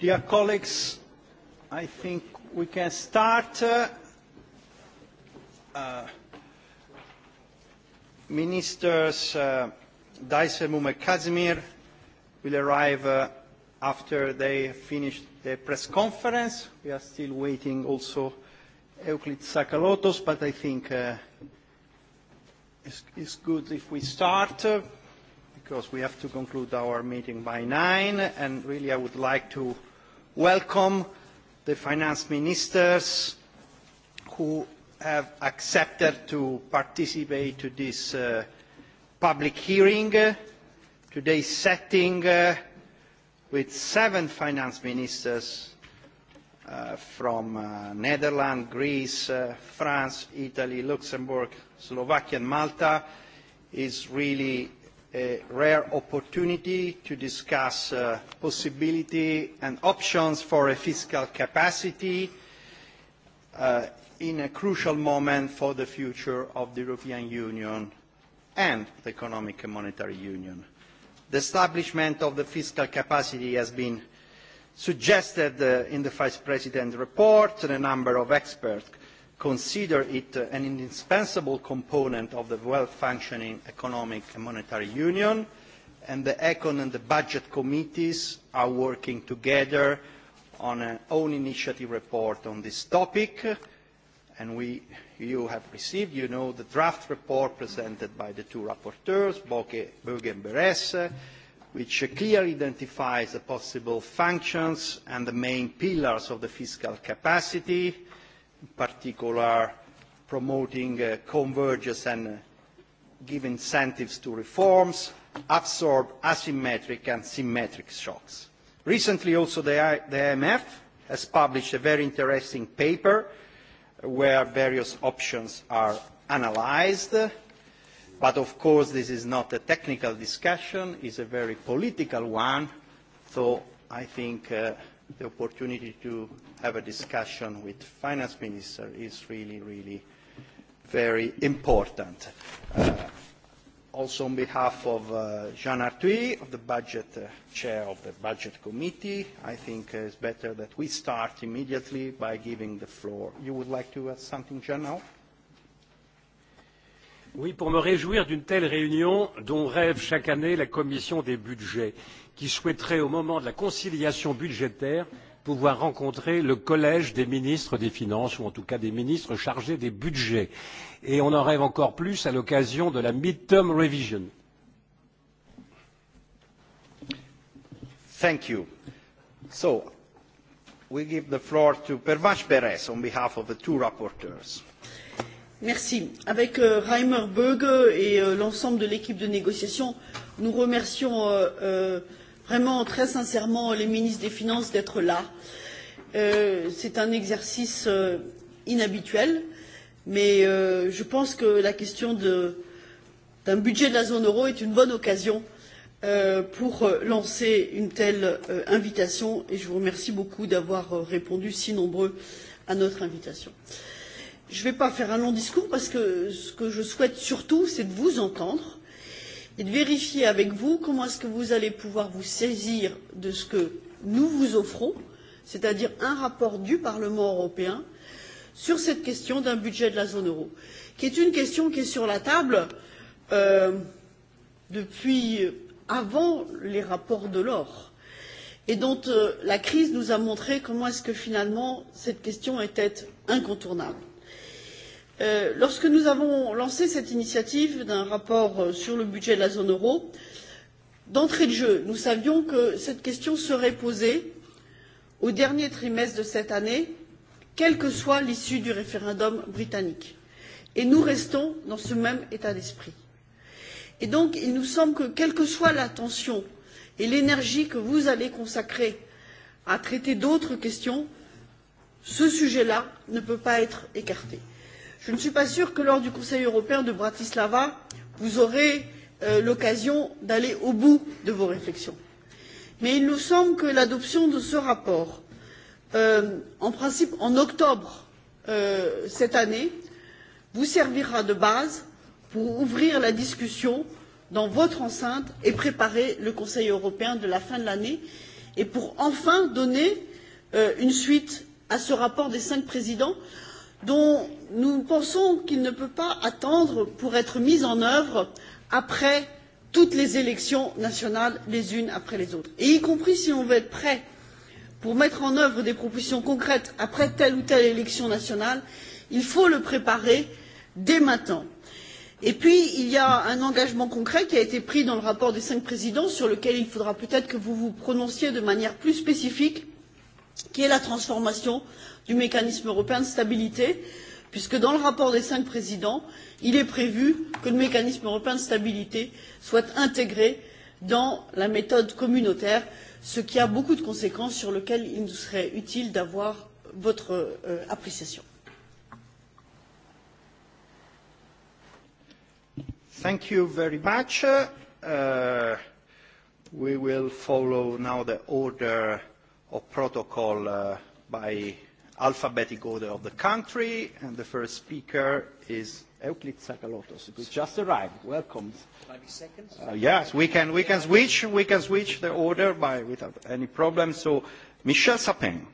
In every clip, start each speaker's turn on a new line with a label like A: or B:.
A: Dear colleagues, I think we can start. Uh, uh Ministers uh, Dysemu and Kazimir will arrive uh, after they finish the press conference. We are still waiting also Euclid Sakalotos, but I think uh, it's, it's good if we start uh, because we have to conclude our meeting by nine, and really I would like to welcome the finance ministers who have accepted to participate to this uh, public hearing. today's setting uh, with seven finance ministers uh, from uh, Netherlands, Greece, uh, France, Italy, Luxembourg, Slovakia and Malta is really a rare opportunity to discuss uh, possibility and options for a fiscal capacity uh, in a crucial moment for the future of the European Union and the Economic and Monetary Union. The establishment of the fiscal capacity has been suggested uh, in the Vice President's report and a number of experts consider it uh, an indispensable component of the well-functioning economic and monetary union, and the Econ and the Budget Committees are working together on an own initiative report on this topic, and we, you have received, you know, the draft report presented by the two rapporteurs, Böge and Beres, uh, which clearly identifies the possible functions and the main pillars of the fiscal capacity, in particular promoting uh, convergence and uh, give incentives to reforms, absorb asymmetric and symmetric shocks. Recently also the, I the IMF has published a very interesting paper where various options are analysed. But of course this is not a technical discussion, it's a very political one, so I think uh, the opportunity to have a discussion with finance minister is really, really very important. Uh, also on behalf of uh, Jean Artui, of the budget uh, chair of the budget committee, I think uh, it's better that we start immediately by giving the floor. You would like to add something, Jean, now?
B: Oui, pour me réjouir d'une telle réunion dont rêve chaque année la commission des budgets, qui souhaiterait au moment de la conciliation budgétaire pouvoir rencontrer le collège des ministres des Finances, ou en tout cas des ministres chargés des budgets. Et on en rêve encore plus à l'occasion de la midterm revision. Thank you. So,
A: we give the floor to Pervash Perez on behalf of the two rapporteurs.
C: Merci. Avec euh, Reimer Böge et euh, l'ensemble de l'équipe de négociation, nous remercions euh, euh, vraiment très sincèrement les ministres des Finances d'être là. Euh, C'est un exercice euh, inhabituel, mais euh, je pense que la question d'un budget de la zone euro est une bonne occasion euh, pour euh, lancer une telle euh, invitation et je vous remercie beaucoup d'avoir euh, répondu si nombreux à notre invitation. Je ne vais pas faire un long discours parce que ce que je souhaite surtout, c'est de vous entendre et de vérifier avec vous comment est-ce que vous allez pouvoir vous saisir de ce que nous vous offrons, c'est-à-dire un rapport du Parlement européen sur cette question d'un budget de la zone euro, qui est une question qui est sur la table euh, depuis avant les rapports de l'or et dont euh, la crise nous a montré comment est-ce que finalement cette question était incontournable. Euh, lorsque nous avons lancé cette initiative d'un rapport euh, sur le budget de la zone euro, d'entrée de jeu, nous savions que cette question serait posée au dernier trimestre de cette année, quelle que soit l'issue du référendum britannique. Et nous restons dans ce même état d'esprit. Et donc, il nous semble que, quelle que soit l'attention et l'énergie que vous allez consacrer à traiter d'autres questions, ce sujet-là ne peut pas être écarté. Je ne suis pas sûre que lors du Conseil européen de Bratislava, vous aurez euh, l'occasion d'aller au bout de vos réflexions. Mais il nous semble que l'adoption de ce rapport, euh, en principe en octobre euh, cette année, vous servira de base pour ouvrir la discussion dans votre enceinte et préparer le Conseil européen de la fin de l'année et pour enfin donner euh, une suite à ce rapport des cinq présidents dont nous pensons qu'il ne peut pas attendre pour être mis en œuvre après toutes les élections nationales les unes après les autres. Et y compris si l'on veut être prêt pour mettre en œuvre des propositions concrètes après telle ou telle élection nationale, il faut le préparer dès maintenant. Et puis, il y a un engagement concret qui a été pris dans le rapport des cinq présidents sur lequel il faudra peut-être que vous vous prononciez de manière plus spécifique qui est la transformation du mécanisme européen de stabilité, puisque dans le rapport des cinq présidents, il est prévu que le mécanisme européen de stabilité soit intégré dans la méthode communautaire, ce qui a beaucoup de conséquences sur lesquelles il nous serait utile d'avoir votre euh, appréciation.
A: Thank you very much. Uh, we will follow now the order of protocol uh, by alphabetic order of the country, and the first speaker is Euclid Sakalotos, who just arrived. Welcome. Uh, yes, we can, we can switch, we can switch the order by, without any problem. So, Michel Sapin.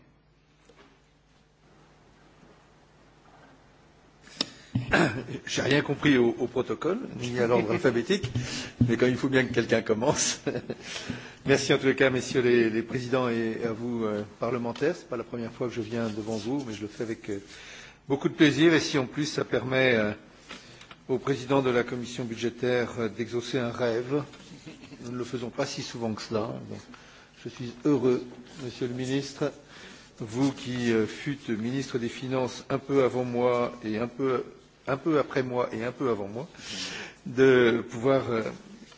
D: n'ai rien compris au, au protocole, ni à l'ordre alphabétique, mais quand il faut bien que quelqu'un commence. Merci en tous les cas, messieurs les, les présidents, et à vous, euh, parlementaires. Ce n'est pas la première fois que je viens devant vous, mais je le fais avec euh, beaucoup de plaisir, et si en plus ça permet euh, au président de la commission budgétaire euh, d'exaucer un rêve, nous ne le faisons pas si souvent que cela. Donc, je suis heureux, monsieur le ministre, vous qui euh, fûtes ministre des Finances un peu avant moi et un peu un peu après moi et un peu avant moi, de pouvoir euh,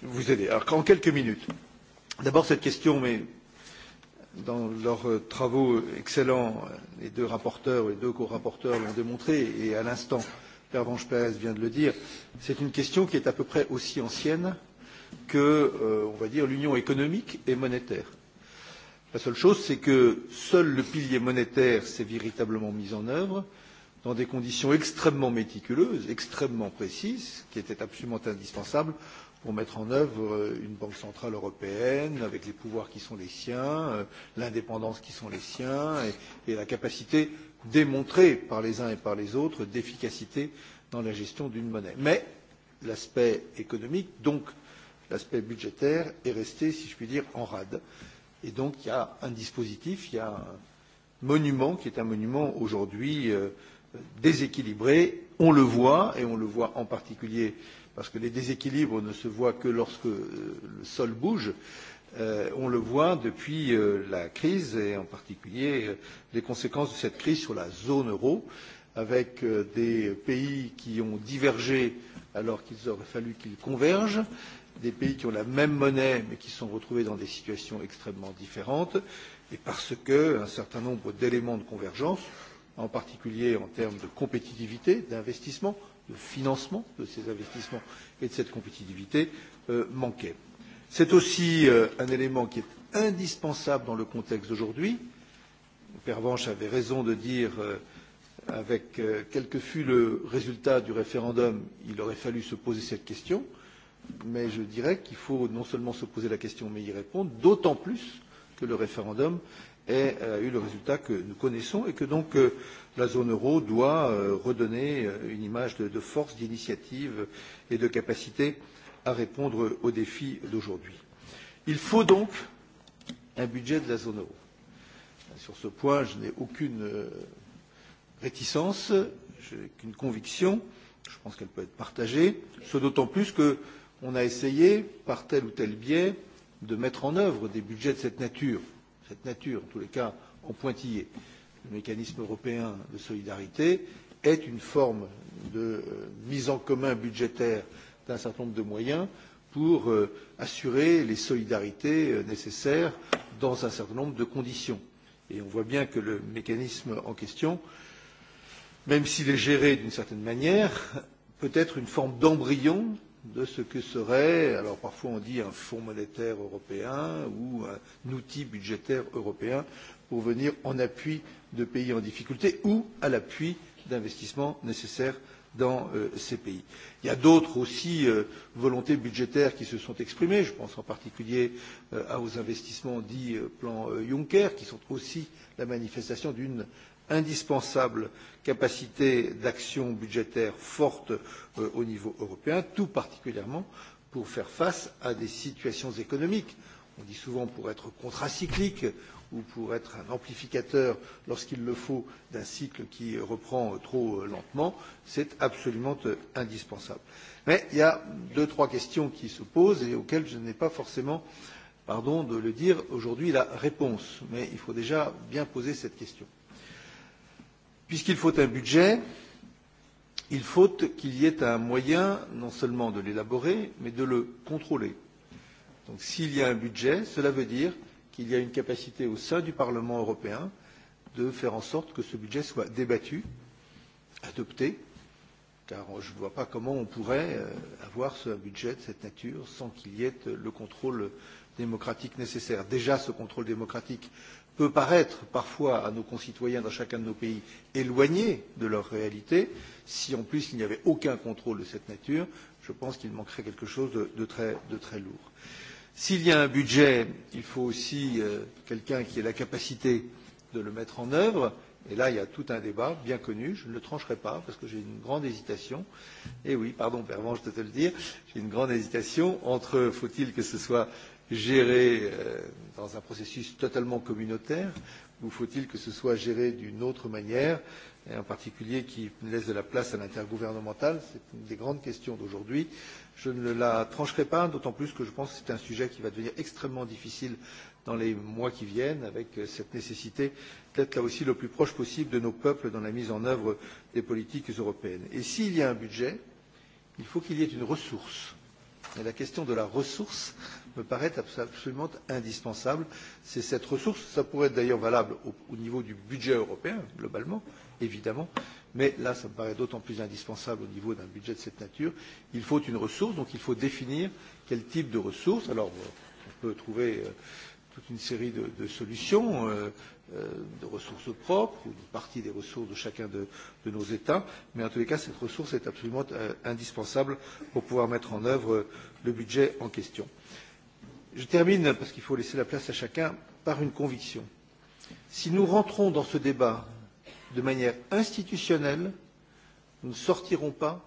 D: vous aider. Alors, en quelques minutes, d'abord cette question, mais dans leurs euh, travaux excellents, euh, les deux rapporteurs, les deux co-rapporteurs l'ont démontré, et à l'instant, Vange Pérez vient de le dire, c'est une question qui est à peu près aussi ancienne que, euh, on va dire, l'union économique et monétaire. La seule chose, c'est que seul le pilier monétaire s'est véritablement mis en œuvre, euh, dans des conditions extrêmement méticuleuses, extrêmement précises, qui étaient absolument indispensables pour mettre en œuvre euh, une banque centrale européenne avec les pouvoirs qui sont les siens, euh, l'indépendance qui sont les siens et, et la capacité démontrée par les uns et par les autres d'efficacité dans la gestion d'une monnaie. Mais l'aspect économique, donc l'aspect budgétaire, est resté, si je puis dire, en rade. Et donc il y a un dispositif, il y a un monument qui est un monument aujourd'hui euh, déséquilibré. On le voit, et on le voit en particulier parce que les déséquilibres ne se voient que lorsque euh, le sol bouge. Euh, on le voit depuis euh, la crise et en particulier euh, les conséquences de cette crise sur la zone euro, avec euh, des pays qui ont divergé alors qu'il aurait fallu qu'ils convergent, des pays qui ont la même monnaie mais qui sont retrouvés dans des situations extrêmement différentes, et parce qu'un certain nombre d'éléments de convergence, en particulier en termes de compétitivité, d'investissement, de financement de ces investissements et de cette compétitivité euh, manquait. C'est aussi euh, un élément qui est indispensable dans le contexte d'aujourd'hui. Pervanche avait raison de dire, euh, avec euh, quel que fût le résultat du référendum, il aurait fallu se poser cette question, mais je dirais qu'il faut non seulement se poser la question, mais y répondre, d'autant plus que le référendum ait euh, eu le résultat que nous connaissons et que donc euh, la zone euro doit euh, redonner une image de force, d'initiative et de capacité à répondre aux défis d'aujourd'hui. Il faut donc un budget de la zone euro. Sur ce point, je n'ai aucune réticence, je n'ai qu'une conviction, je pense qu'elle peut être partagée, ce d'autant plus qu'on a essayé, par tel ou tel biais, de mettre en œuvre des budgets de cette nature cette nature, en tous les cas en pointillé, le mécanisme européen de solidarité, est une forme de euh, mise en commun budgétaire d'un certain nombre de moyens pour euh, assurer les solidarités euh, nécessaires dans un certain nombre de conditions. Et on voit bien que le mécanisme en question, même s'il est géré d'une certaine manière, peut être une forme d'embryon de ce que serait, alors parfois on dit un fonds monétaire européen ou un outil budgétaire européen pour venir en appui de pays en difficulté ou à l'appui d'investissements nécessaires dans euh, ces pays. Il y a d'autres aussi euh, volontés budgétaires qui se sont exprimées, je pense en particulier euh, aux investissements dits euh, plan euh, Juncker, qui sont aussi la manifestation d'une euh, indispensable capacité d'action budgétaire forte euh, au niveau européen, tout particulièrement pour faire face à des situations économiques. On dit souvent pour être contracyclique ou pour être un amplificateur lorsqu'il le faut d'un cycle qui reprend trop lentement, c'est absolument indispensable. Mais il y a deux, trois questions qui se posent et auxquelles je n'ai pas forcément, pardon de le dire, aujourd'hui la réponse. Mais il faut déjà bien poser cette question. Puisqu'il faut un budget, il faut qu'il y ait un moyen non seulement de l'élaborer, mais de le contrôler. Donc s'il y a un budget, cela veut dire qu'il y a une capacité au sein du Parlement européen de faire en sorte que ce budget soit débattu, adopté, car je ne vois pas comment on pourrait euh, avoir ce budget de cette nature sans qu'il y ait le contrôle démocratique nécessaire. Déjà, ce contrôle démocratique peut paraître parfois à nos concitoyens dans chacun de nos pays éloigné de leur réalité, si en plus il n'y avait aucun contrôle de cette nature, je pense qu'il manquerait quelque chose de, de, très, de très lourd. S'il y a un budget, il faut aussi euh, quelqu'un qui ait la capacité de le mettre en œuvre. Et là, il y a tout un débat bien connu. Je ne le trancherai pas parce que j'ai une grande hésitation. Et oui, pardon, Pervenche, de te le dire. J'ai une grande hésitation entre faut-il que ce soit géré euh, dans un processus totalement communautaire ou faut-il que ce soit géré d'une autre manière, et en particulier qui laisse de la place à l'intergouvernemental C'est une des grandes questions d'aujourd'hui. Je ne la trancherai pas, d'autant plus que je pense que c'est un sujet qui va devenir extrêmement difficile dans les mois qui viennent, avec euh, cette nécessité d'être là aussi le plus proche possible de nos peuples dans la mise en œuvre des politiques européennes. Et s'il y a un budget, il faut qu'il y ait une ressource. Et la question de la ressource me paraît absolument indispensable. C'est cette ressource, ça pourrait être d'ailleurs valable au, au niveau du budget européen, globalement, évidemment, mais là, ça me paraît d'autant plus indispensable au niveau d'un budget de cette nature. Il faut une ressource, donc il faut définir quel type de ressource. Alors, on peut trouver euh, toute une série de, de solutions, euh, euh, de ressources propres, ou une partie des ressources de chacun de, de nos États, mais en tous les cas, cette ressource est absolument euh, indispensable pour pouvoir mettre en œuvre euh, le budget en question. Je termine, parce qu'il faut laisser la place à chacun, par une conviction. Si nous rentrons dans ce débat de manière institutionnelle, nous ne sortirons pas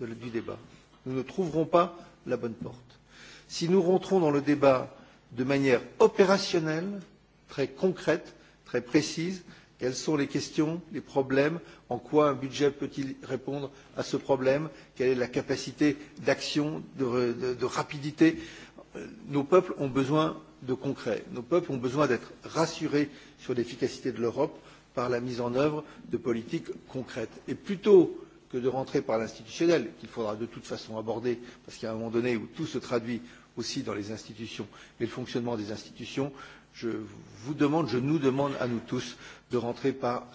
D: de, du débat. Nous ne trouverons pas la bonne porte. Si nous rentrons dans le débat de manière opérationnelle, très concrète, très précise, quelles sont les questions, les problèmes, en quoi un budget peut-il répondre à ce problème, quelle est la capacité d'action, de, de, de rapidité nos peuples ont besoin de concret. Nos peuples ont besoin d'être rassurés sur l'efficacité de l'Europe par la mise en œuvre de politiques concrètes. Et plutôt que de rentrer par l'institutionnel, qu'il faudra de toute façon aborder, parce qu'il y a un moment donné où tout se traduit aussi dans les institutions et le fonctionnement des institutions, je vous demande, je nous demande à nous tous de rentrer par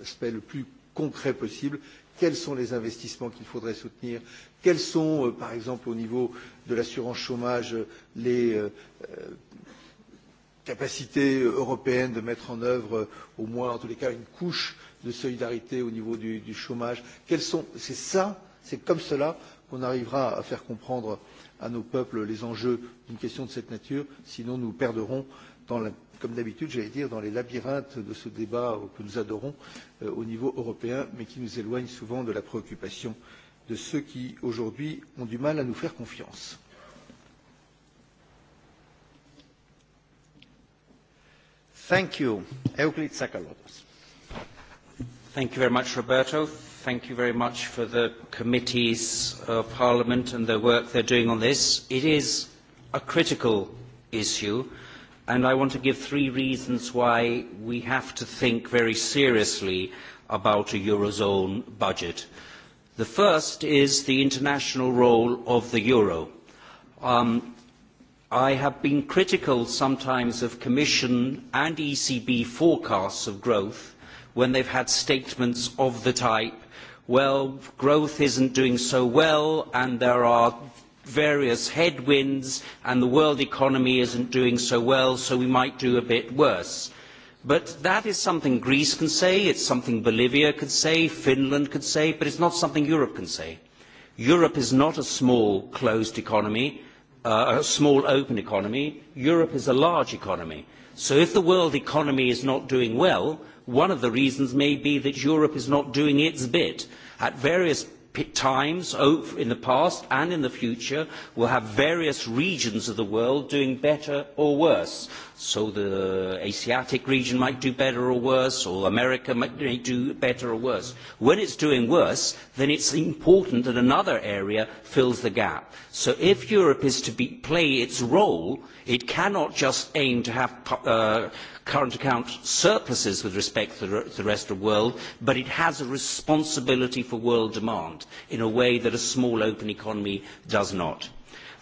D: l'aspect le plus concret possible quels sont les investissements qu'il faudrait soutenir, quels sont, euh, par exemple, au niveau de l'assurance chômage, les euh, euh, capacités européennes de mettre en œuvre, euh, au moins, en tous les cas, une couche de solidarité au niveau du, du chômage. Quels sont, c'est ça, c'est comme cela qu'on arrivera à faire comprendre à nos peuples les enjeux d'une question de cette nature, sinon nous perdrons dans la comme d'habitude, j'allais dire, dans les labyrinthes de ce débat que nous adorons euh, au niveau européen, mais qui nous éloigne souvent de la préoccupation de ceux qui, aujourd'hui, ont du mal à nous faire confiance. Thank you. Euclid Sakalotos.
E: Thank you very much, Roberto. Thank you very much for the committees of Parliament and the work they're doing on this. It is a critical issue and I want to give three reasons why we have to think very seriously about a Eurozone budget. The first is the international role of the Euro. Um, I have been critical sometimes of Commission and ECB forecasts of growth when they have had statements of the type, well, growth is not doing so well and there are various headwinds and the world economy is not doing so well, so we might do a bit worse. But that is something Greece can say, it is something Bolivia could say, Finland could say, but it is not something Europe can say. Europe is not a small closed economy, uh, a small open economy. Europe is a large economy. So if the world economy is not doing well, one of the reasons may be that Europe is not doing its bit. At various times in the past and in the future will have various regions of the world doing better or worse. So the Asiatic region might do better or worse, or America might do better or worse. When it's doing worse, then it's important that another area fills the gap. So if Europe is to be, play its role, it cannot just aim to have uh, current account surpluses with respect to the rest of the world, but it has a responsibility for world demand in a way that a small open economy does not.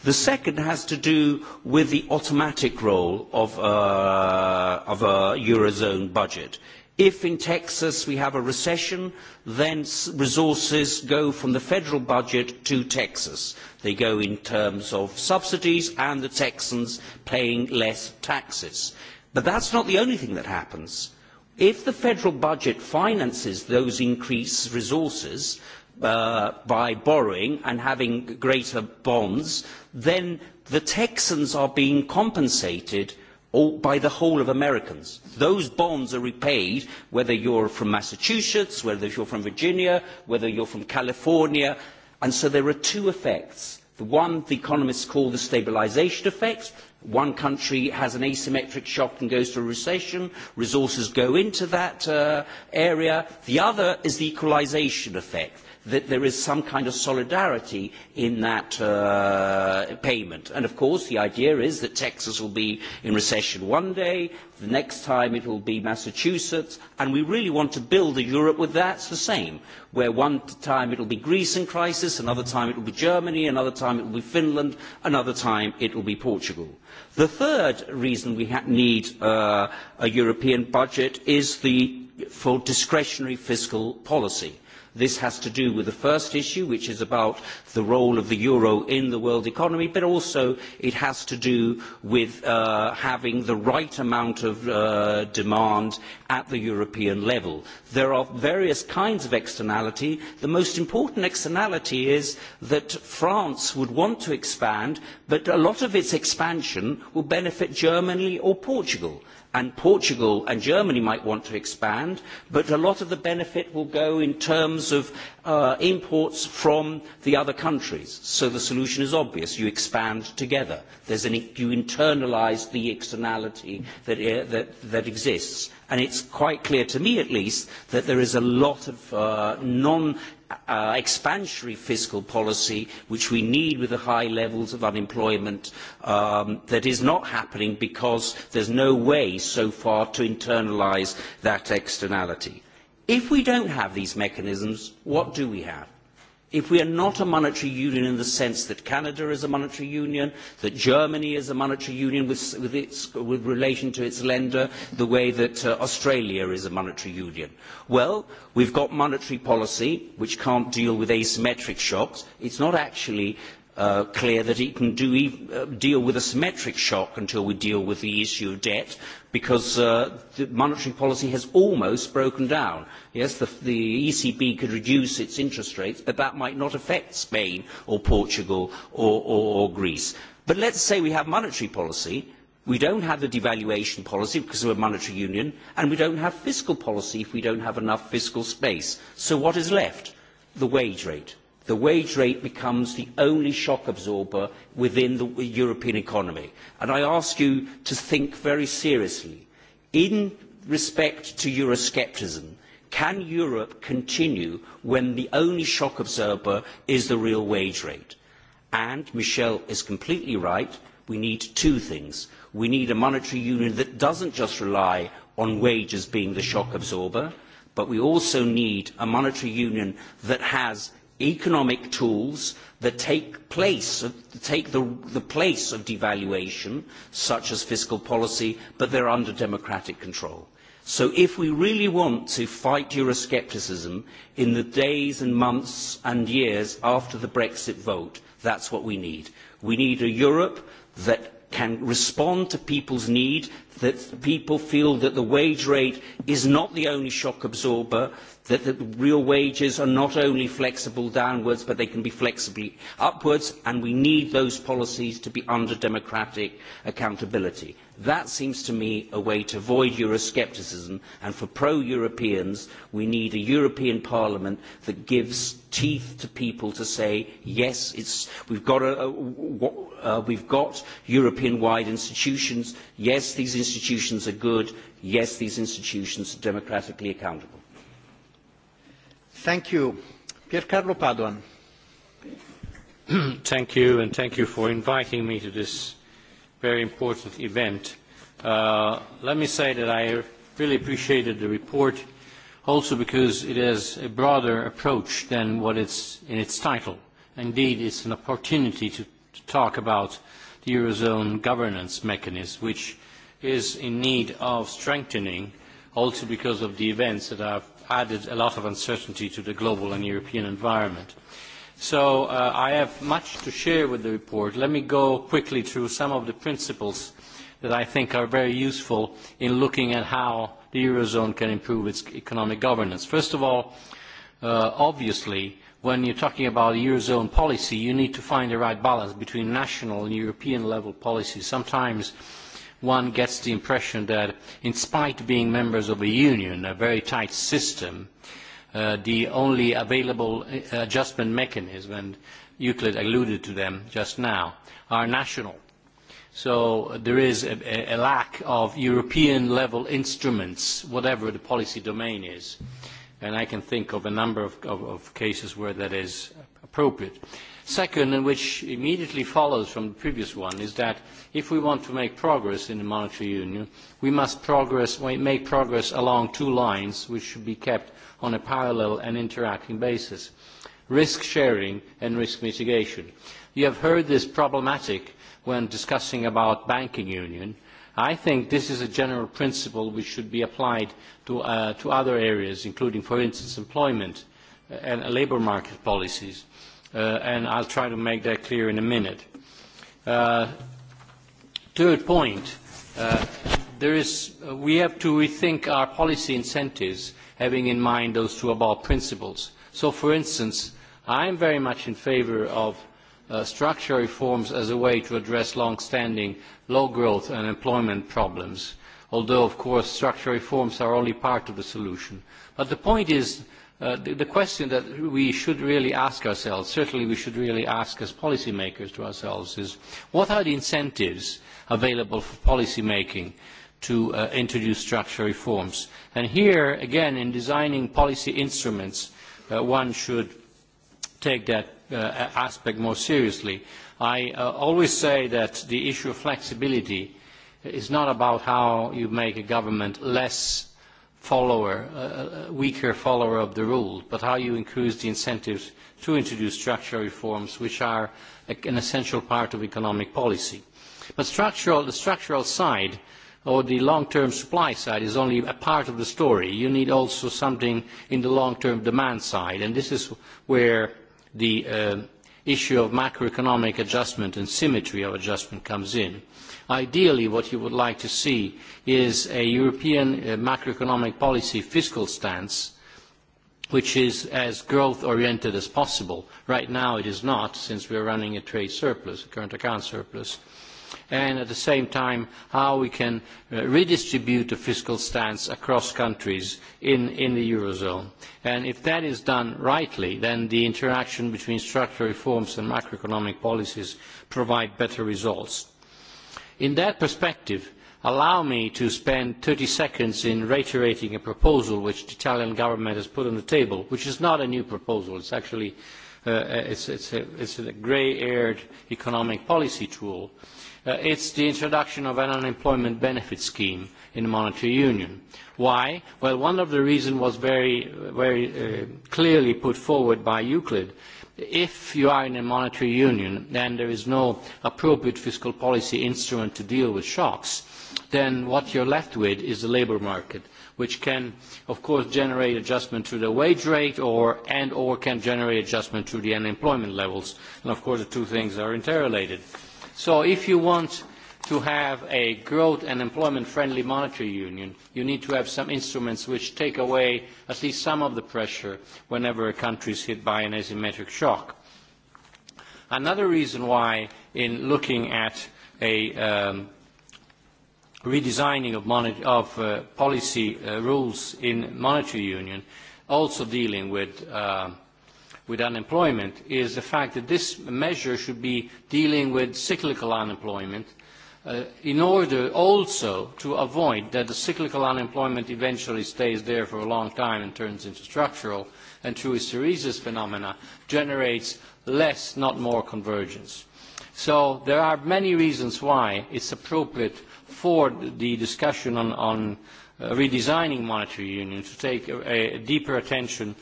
E: The second has to do with the automatic role of, uh, of a Eurozone budget. If in Texas we have a recession, then resources go from the federal budget to Texas. They go in terms of subsidies and the Texans paying less taxes. But that is not the only thing that happens. If the federal budget finances those increased resources uh, by borrowing and having greater bonds, then the Texans are being compensated by the whole of Americans. Those bonds are repaid whether you are from Massachusetts, whether you are from Virginia, whether you are from California. And so there are two effects. The one the economists call the stabilisation effect, one country has an asymmetric shock and goes to a recession, resources go into that uh, area. The other is the equalisation effect that there is some kind of solidarity in that uh, payment. And of course, the idea is that Texas will be in recession one day, the next time it will be Massachusetts, and we really want to build a Europe where that's the same, where one time it will be Greece in crisis, another time it will be Germany, another time it will be Finland, another time it will be Portugal. The third reason we need uh, a European budget is the, for discretionary fiscal policy. This has to do with the first issue, which is about the role of the euro in the world economy, but also it has to do with uh, having the right amount of uh, demand at the European level. There are various kinds of externality. The most important externality is that France would want to expand, but a lot of its expansion will benefit Germany or Portugal and Portugal and Germany might want to expand, but a lot of the benefit will go in terms of uh, imports from the other countries. So the solution is obvious. You expand together. There's an, you internalise the externality that, uh, that, that exists. And it's quite clear to me, at least, that there is a lot of uh, non uh, expansionary fiscal policy, which we need with the high levels of unemployment, um, that is not happening because there is no way so far to internalise that externality. If we don't have these mechanisms, what do we have? If we are not a monetary union in the sense that Canada is a monetary union, that Germany is a monetary union with, with, its, with relation to its lender, the way that uh, Australia is a monetary union, well, we've got monetary policy which can't deal with asymmetric shocks. It's not actually uh, clear that it can do e uh, deal with a symmetric shock until we deal with the issue of debt, because uh, the monetary policy has almost broken down. Yes, the, the ECB could reduce its interest rates, but that might not affect Spain or Portugal or, or, or Greece. But let's say we have monetary policy, We don't have the devaluation policy because we're a monetary union, and we don't have fiscal policy if we don't have enough fiscal space. So what is left? The wage rate the wage rate becomes the only shock absorber within the European economy. And I ask you to think very seriously. In respect to Euroscepticism, can Europe continue when the only shock absorber is the real wage rate? And Michel is completely right. We need two things. We need a monetary union that does not just rely on wages being the shock absorber, but we also need a monetary union that has economic tools that take place take the, the place of devaluation such as fiscal policy but they're under democratic control so if we really want to fight euroscepticism in the days and months and years after the brexit vote that's what we need we need a europe that can respond to people's need that people feel that the wage rate is not the only shock absorber that the real wages are not only flexible downwards, but they can be flexible upwards, and we need those policies to be under democratic accountability. That seems to me a way to avoid Euroscepticism, and for pro-Europeans, we need a European Parliament that gives teeth to people to say, yes, it's, we've got, a, a, uh, we've got European-wide institutions, yes, these institutions are good, yes, these institutions are democratically accountable.
F: Thank you. Carlo Paduan. thank you, and thank you for inviting me to this very important event. Uh, let me say that I really appreciated the report, also because it has a broader approach than what it's in its title. Indeed, it's an opportunity to, to talk about the Eurozone governance mechanism, which is in need of strengthening, also because of the events that have added a lot of uncertainty to the global and European environment. So uh, I have much to share with the report. Let me go quickly through some of the principles that I think are very useful in looking at how the Eurozone can improve its economic governance. First of all, uh, obviously, when you're talking about Eurozone policy, you need to find the right balance between national and European level policies. Sometimes one gets the impression that in spite of being members of a union, a very tight system, uh, the only available uh, adjustment mechanism, and Euclid alluded to them just now, are national. So there is a, a lack of European level instruments, whatever the policy domain is. And I can think of a number of, of, of cases where that is appropriate. Second, and which immediately follows from the previous one, is that if we want to make progress in the monetary union, we must progress, make progress along two lines which should be kept on a parallel and interacting basis, risk sharing and risk mitigation. You have heard this problematic when discussing about banking union. I think this is a general principle which should be applied to, uh, to other areas, including, for instance, employment uh, and labour market policies uh, and I'll try to make that clear in a minute. Uh, third point, uh, there is, uh, we have to rethink our policy incentives having in mind those two above principles. So, for instance, I am very much in favor of uh, structural reforms as a way to address long-standing low growth and employment problems, although, of course, structural reforms are only part of the solution. But the point is Uh, the, the question that we should really ask ourselves, certainly we should really ask as policymakers to ourselves, is what are the incentives available for policymaking to uh, introduce structural reforms? And here, again, in designing policy instruments, uh, one should take that uh, aspect more seriously. I uh, always say that the issue of flexibility is not about how you make a government less follower, a, a weaker follower of the rule, but how you increase the incentives to introduce structural reforms, which are a, an essential part of economic policy. But structural, the structural side, or the long-term supply side, is only a part of the story. You need also something in the long-term demand side, and this is where the uh, issue of macroeconomic adjustment and symmetry of adjustment comes in. Ideally, what you would like to see is a European uh, macroeconomic policy fiscal stance which is as growth oriented as possible. Right now it is not, since we are running a trade surplus, a current account surplus. And at the same time, how we can uh, redistribute the fiscal stance across countries in, in the Eurozone. And if that is done rightly, then the interaction between structural reforms and macroeconomic policies provide better results. In that perspective, allow me to spend thirty seconds in reiterating a proposal which the Italian government has put on the table, which is not a new proposal. It's actually uh, uh it's, it's a, it's a grey aired economic policy tool. Uh, it's the introduction of an unemployment benefit scheme in the monetary union. Why? Well, one of the reasons was very, very uh, clearly put forward by Euclid, if you are in a monetary union and there is no appropriate fiscal policy instrument to deal with shocks, then what you are left with is the labour market which can of course generate adjustment to the wage rate or and or can generate adjustment to the unemployment levels and of course the two things are interrelated so if you want to have a growth and employment friendly monetary union, you need to have some instruments which take away at least some of the pressure whenever a country is hit by an asymmetric shock. Another reason why in looking at a um, redesigning of, monet of uh, policy uh, rules in monetary union, also dealing with uh, with unemployment is the fact that this measure should be dealing with cyclical unemployment uh, in order also to avoid that the cyclical unemployment eventually stays there for a long time and turns into structural, and through hysteresis phenomena generates less, not more convergence. So there are many reasons why it's appropriate for the discussion on, on uh, redesigning monetary union to take a, a deeper attention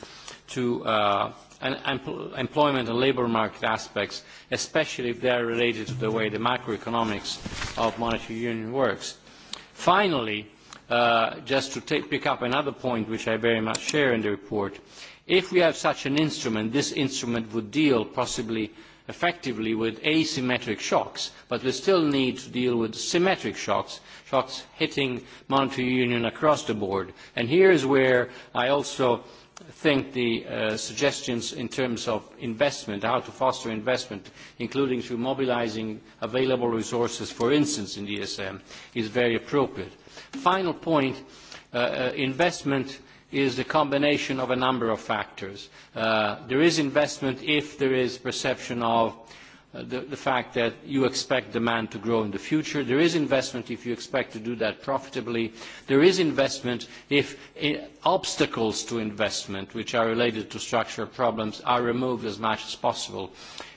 F: to uh, and employment and labour market aspects, especially if they are related to the way the macroeconomics of monetary union works. Finally, uh, just to take, pick up another point which I very much share in the report, if we have such an instrument, this instrument would deal possibly effectively with asymmetric shocks, but we still need to deal with symmetric shocks, shocks hitting monetary union across the board. And here is where I also think the uh, suggestions in terms of investment, how to foster investment, including through mobilizing available resources, for instance, in the ESM, is very appropriate. Final point, uh, uh, investment is the combination of a number of factors. Uh, there is investment if there is perception of Uh, the, fact that you expect demand to grow in the future. There is investment if you expect to do that profitably. There is investment if uh, obstacles to investment, which are related to structural problems, are removed as much as possible.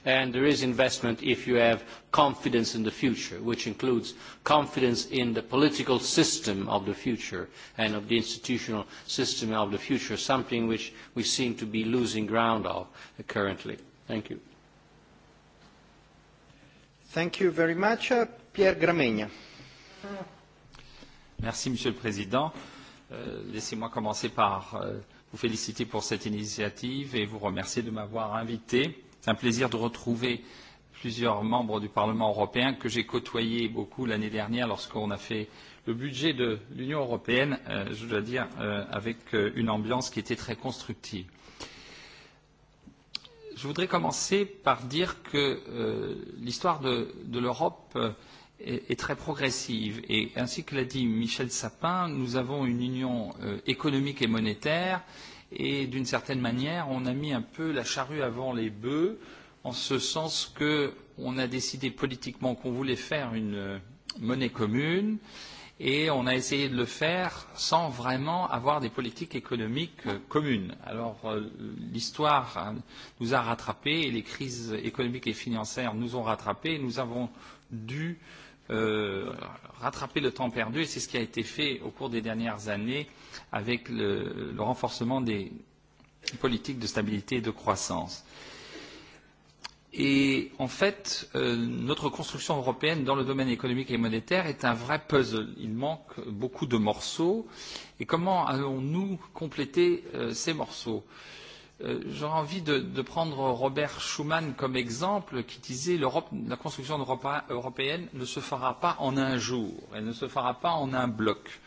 F: And there is investment if you have confidence in the future, which includes confidence in the political system of the future and of the institutional system of the future, something which we seem to be losing ground of currently. Thank you.
A: Thank you very much. Uh, Pierre Gramegna.
G: Merci, Monsieur le Président. Euh, Laissez-moi commencer par euh, vous féliciter pour cette initiative et vous remercier de m'avoir invité. C'est un plaisir de retrouver plusieurs membres du Parlement européen que j'ai côtoyé beaucoup l'année dernière lorsqu'on a fait le budget de l'Union européenne, euh, je dois dire, euh, avec euh, une ambiance qui était très constructive. Je voudrais commencer par dire que euh, l'histoire de, de l'Europe euh, est, est très progressive et ainsi que l'a dit Michel Sapin, nous avons une union euh, économique et monétaire et d'une certaine manière on a mis un peu la charrue avant les bœufs en ce sens qu'on a décidé politiquement qu'on voulait faire une euh, monnaie commune et on a essayé de le faire sans vraiment avoir des politiques économiques euh, communes. Alors euh, l'histoire nous a rattrapés, et les crises économiques et financières nous ont rattrapés, et nous avons dû euh, rattraper le temps perdu, et c'est ce qui a été fait au cours des dernières années avec le, le renforcement des politiques de stabilité et de croissance. Euh, Et en fait, euh, notre construction européenne dans le domaine économique et monétaire est un vrai puzzle. Il manque beaucoup de morceaux. Et comment allons-nous compléter euh, ces morceaux euh, J'aurais envie de, de prendre Robert Schuman comme exemple qui disait la construction européenne ne se fera pas en un jour, elle ne se fera pas en un bloc.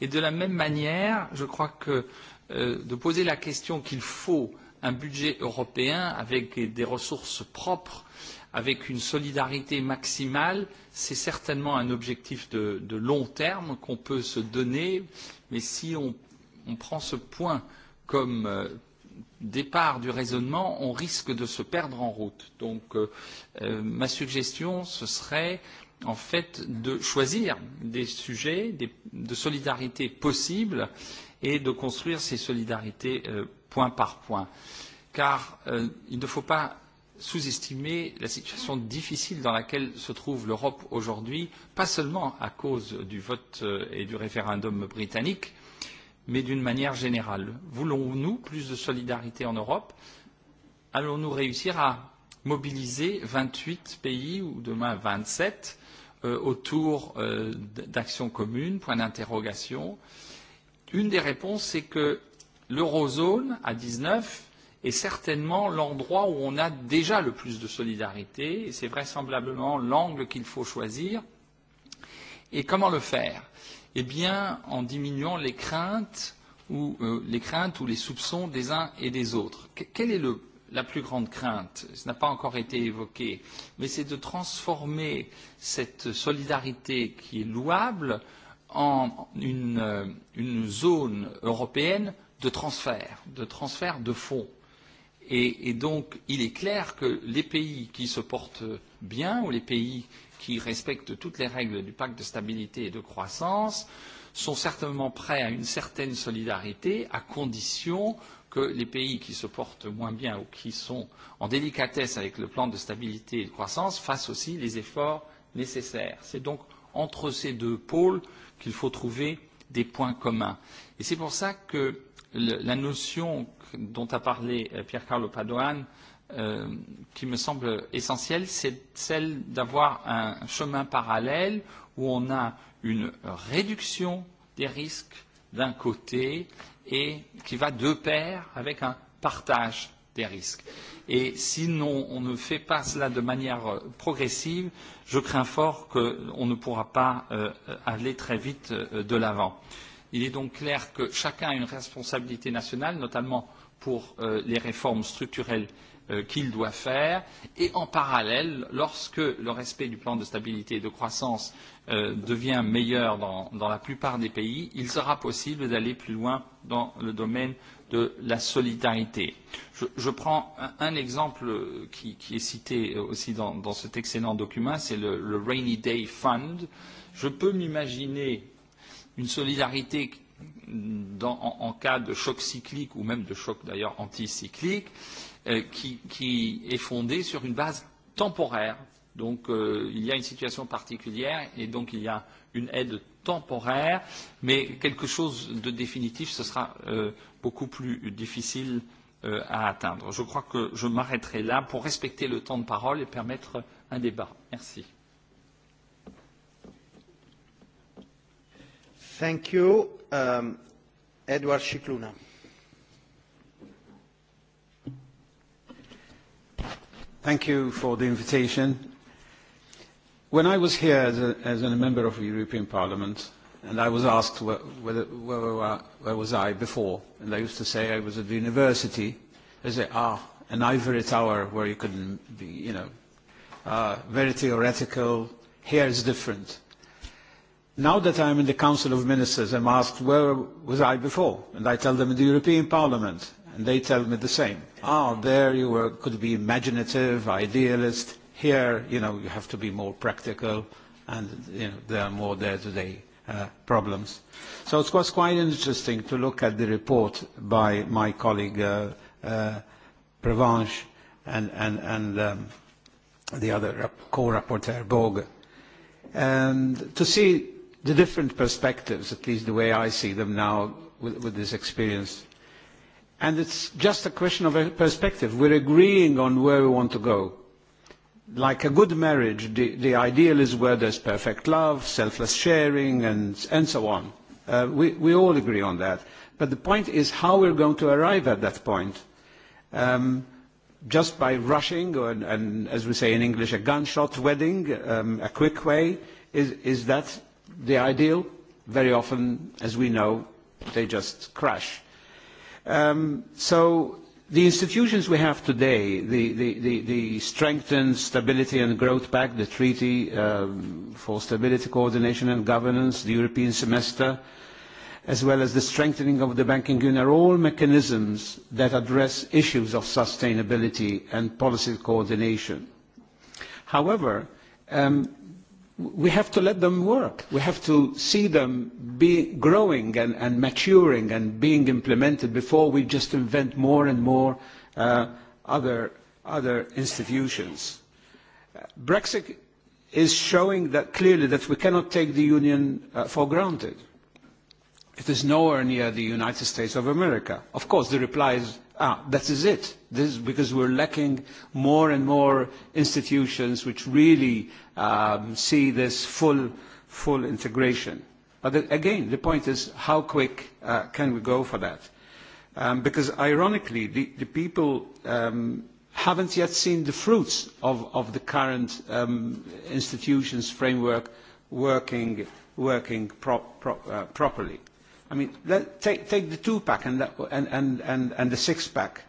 G: Et de la même manière, je crois que euh, de poser la question qu'il faut euh, un budget européen avec des ressources propres, avec une solidarité maximale, c'est certainement un objectif de, de long terme qu'on peut se donner, mais si on, on prend ce point comme euh, départ du raisonnement, on risque de se perdre en route. Donc euh, euh, ma suggestion, ce serait en fait de choisir des sujets des, de solidarité possibles et de construire ces solidarités euh, point par point, car euh, il ne faut pas sous-estimer la situation difficile dans laquelle se trouve l'Europe aujourd'hui, pas seulement à cause du vote euh, et du référendum britannique, mais d'une manière générale. Voulons-nous plus de solidarité en Europe Allons-nous réussir à mobiliser 28 pays ou demain 27 euh, autour euh, d'actions communes Point d'interrogation. Une des réponses, c'est que l'eurozone à 19 est certainement l'endroit où on a déjà le plus de solidarité et c'est vraisemblablement l'angle qu'il faut choisir. Et comment le faire Eh bien, en diminuant les craintes ou euh, les craintes ou les soupçons des uns et des autres. Qu quelle est le, la plus grande crainte Ce n'a pas encore été évoqué, mais c'est de transformer cette solidarité qui est louable en une, euh, une zone européenne de transfert, de transfert de fonds. Et, et donc, il est clair que les pays qui se portent bien ou les pays qui respectent toutes les règles du pacte de stabilité et de croissance sont certainement prêts à une certaine solidarité à condition que les pays qui se portent moins bien ou qui sont en délicatesse avec le plan de stabilité et de croissance fassent aussi les efforts nécessaires. C'est donc entre ces deux pôles qu'il faut trouver des points communs. Et c'est pour ça que la notion dont a parlé euh, Pierre-Carlo Padoan, euh, qui me semble essentielle, c'est celle d'avoir un chemin parallèle où on a une réduction des risques d'un côté et qui va de pair avec un partage des risques. Et sinon, on ne fait pas cela de manière euh, progressive, je crains fort qu'on ne pourra pas euh, euh, aller très vite euh, de l'avant. Euh, Il est donc clair que chacun a une responsabilité nationale, notamment pour euh, les réformes structurelles euh, qu'il doit faire. Et en parallèle, lorsque le respect du plan de stabilité et de croissance euh, devient meilleur dans, dans la plupart des pays, il sera possible d'aller plus loin dans le domaine de la solidarité. Je, je prends un, un exemple qui, qui est cité aussi dans, dans cet excellent document, c'est le, le Rainy Day Fund. Je peux m'imaginer une solidarité dans, en, en cas de choc cyclique ou même de choc d'ailleurs anticyclique euh, qui, qui est fondée sur une base temporaire. Donc euh, il y a une situation particulière et donc il y a une aide temporaire, mais quelque chose de définitif, ce sera euh, beaucoup plus difficile euh, à atteindre. Je crois que je m'arrêterai là pour respecter le temps de parole et permettre un débat. Merci.
A: Thank you.
G: Um, Edward Shikluna
H: Thank you for the invitation. When I was here as a, as a member of the European Parliament, and I was asked where, where, where, uh, where was I before, and I used to say I was at the university, I say, ah, an ivory tower where you couldn't be, you know, uh, very theoretical, here is different. Now that I am in the Council of Ministers, I'm asked, where was I before? And I tell them in the European Parliament, and they tell me the same. Ah, oh, there you were, could be imaginative, idealist. Here, you know, you have to be more practical, and you know, there are more there-to-day uh, problems. So it was quite interesting to look at the report by my colleague uh, uh, Prevanche and, and, and um, the other co-rapporteur Borg, and to see the different perspectives, at least the way I see them now with, with this experience. And it's just a question of a perspective. We're agreeing on where we want to go. Like a good marriage, the, the ideal is where there's perfect love, selfless sharing, and, and so on. Uh, we, we all agree on that. But the point is how we're going to arrive at that point. Um, just by rushing, or, and as we say in English, a gunshot wedding, um, a quick way, is, is that the ideal, very often, as we know, they just crash. Um, so the institutions we have today, the, the, the, the strengthened stability and growth pact, the treaty um, for stability, coordination and governance, the European semester, as well as the strengthening of the banking union are all mechanisms that address issues of sustainability and policy coordination. However, um, we have to let them work. We have to see them be growing and, and maturing and being implemented before we just invent more and more uh, other, other institutions. Uh, Brexit is showing that clearly that we cannot take the Union uh, for granted. It is nowhere near the United States of America. Of course, the reply is, ah, that is it. This is because we're lacking more and more institutions which really um, see this full, full integration. But again, the point is how quick uh, can we go for that? Um, because ironically, the, the people um, haven't yet seen the fruits of, of the current um, institutions framework working, working pro, pro, uh, properly. I mean, let, take, take the two-pack and, and, and, and, and the six-pack.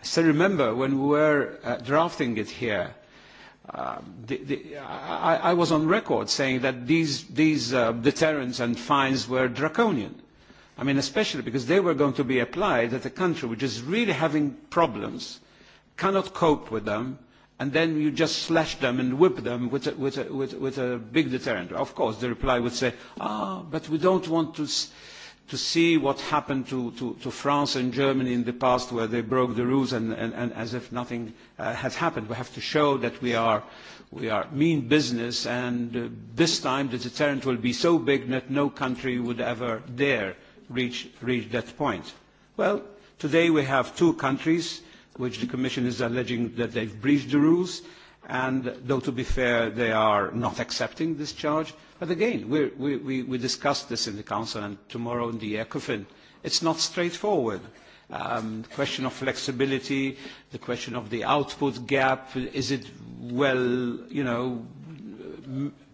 H: I still remember when we were uh, drafting it here, Uh, the, the, I, I was on record saying that these, these uh, deterrents and fines were draconian. I mean, especially because they were going to be applied at a country which is really having problems, cannot cope with them, and then you just slash them and whip them with a, with a, with, with a big deterrent. Of course, the reply would say, ah, but we don't want to... S to see what happened to, to, to France and Germany in the past where they broke the rules and, and, and as if nothing uh, had happened. We have to show that we are, we are mean business and uh, this time the deterrent will be so big that no country would ever dare reach, reach that point. Well, today we have two countries which the Commission is alleging that they've breached the rules and though to be fair they are not accepting this charge, But again, we're, we, we, we discussed this in the Council and tomorrow in the ECOFIN. It's not straightforward. Um, the question of flexibility, the question of the output gap, is it well, you know,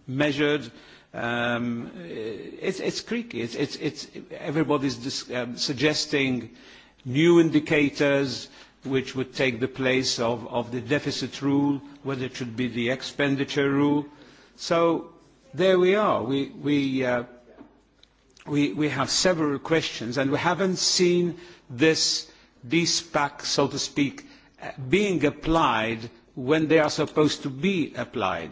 H: measured? Um, it's, it's creaky. It's, it's, it's, everybody's dis um, suggesting new indicators, which would take the place of, of the deficit rule, whether it should be the expenditure rule. So there we are. We, we, uh, we, we have several questions, and we haven't seen this, these packs, so to speak, uh, being applied when they are supposed to be applied.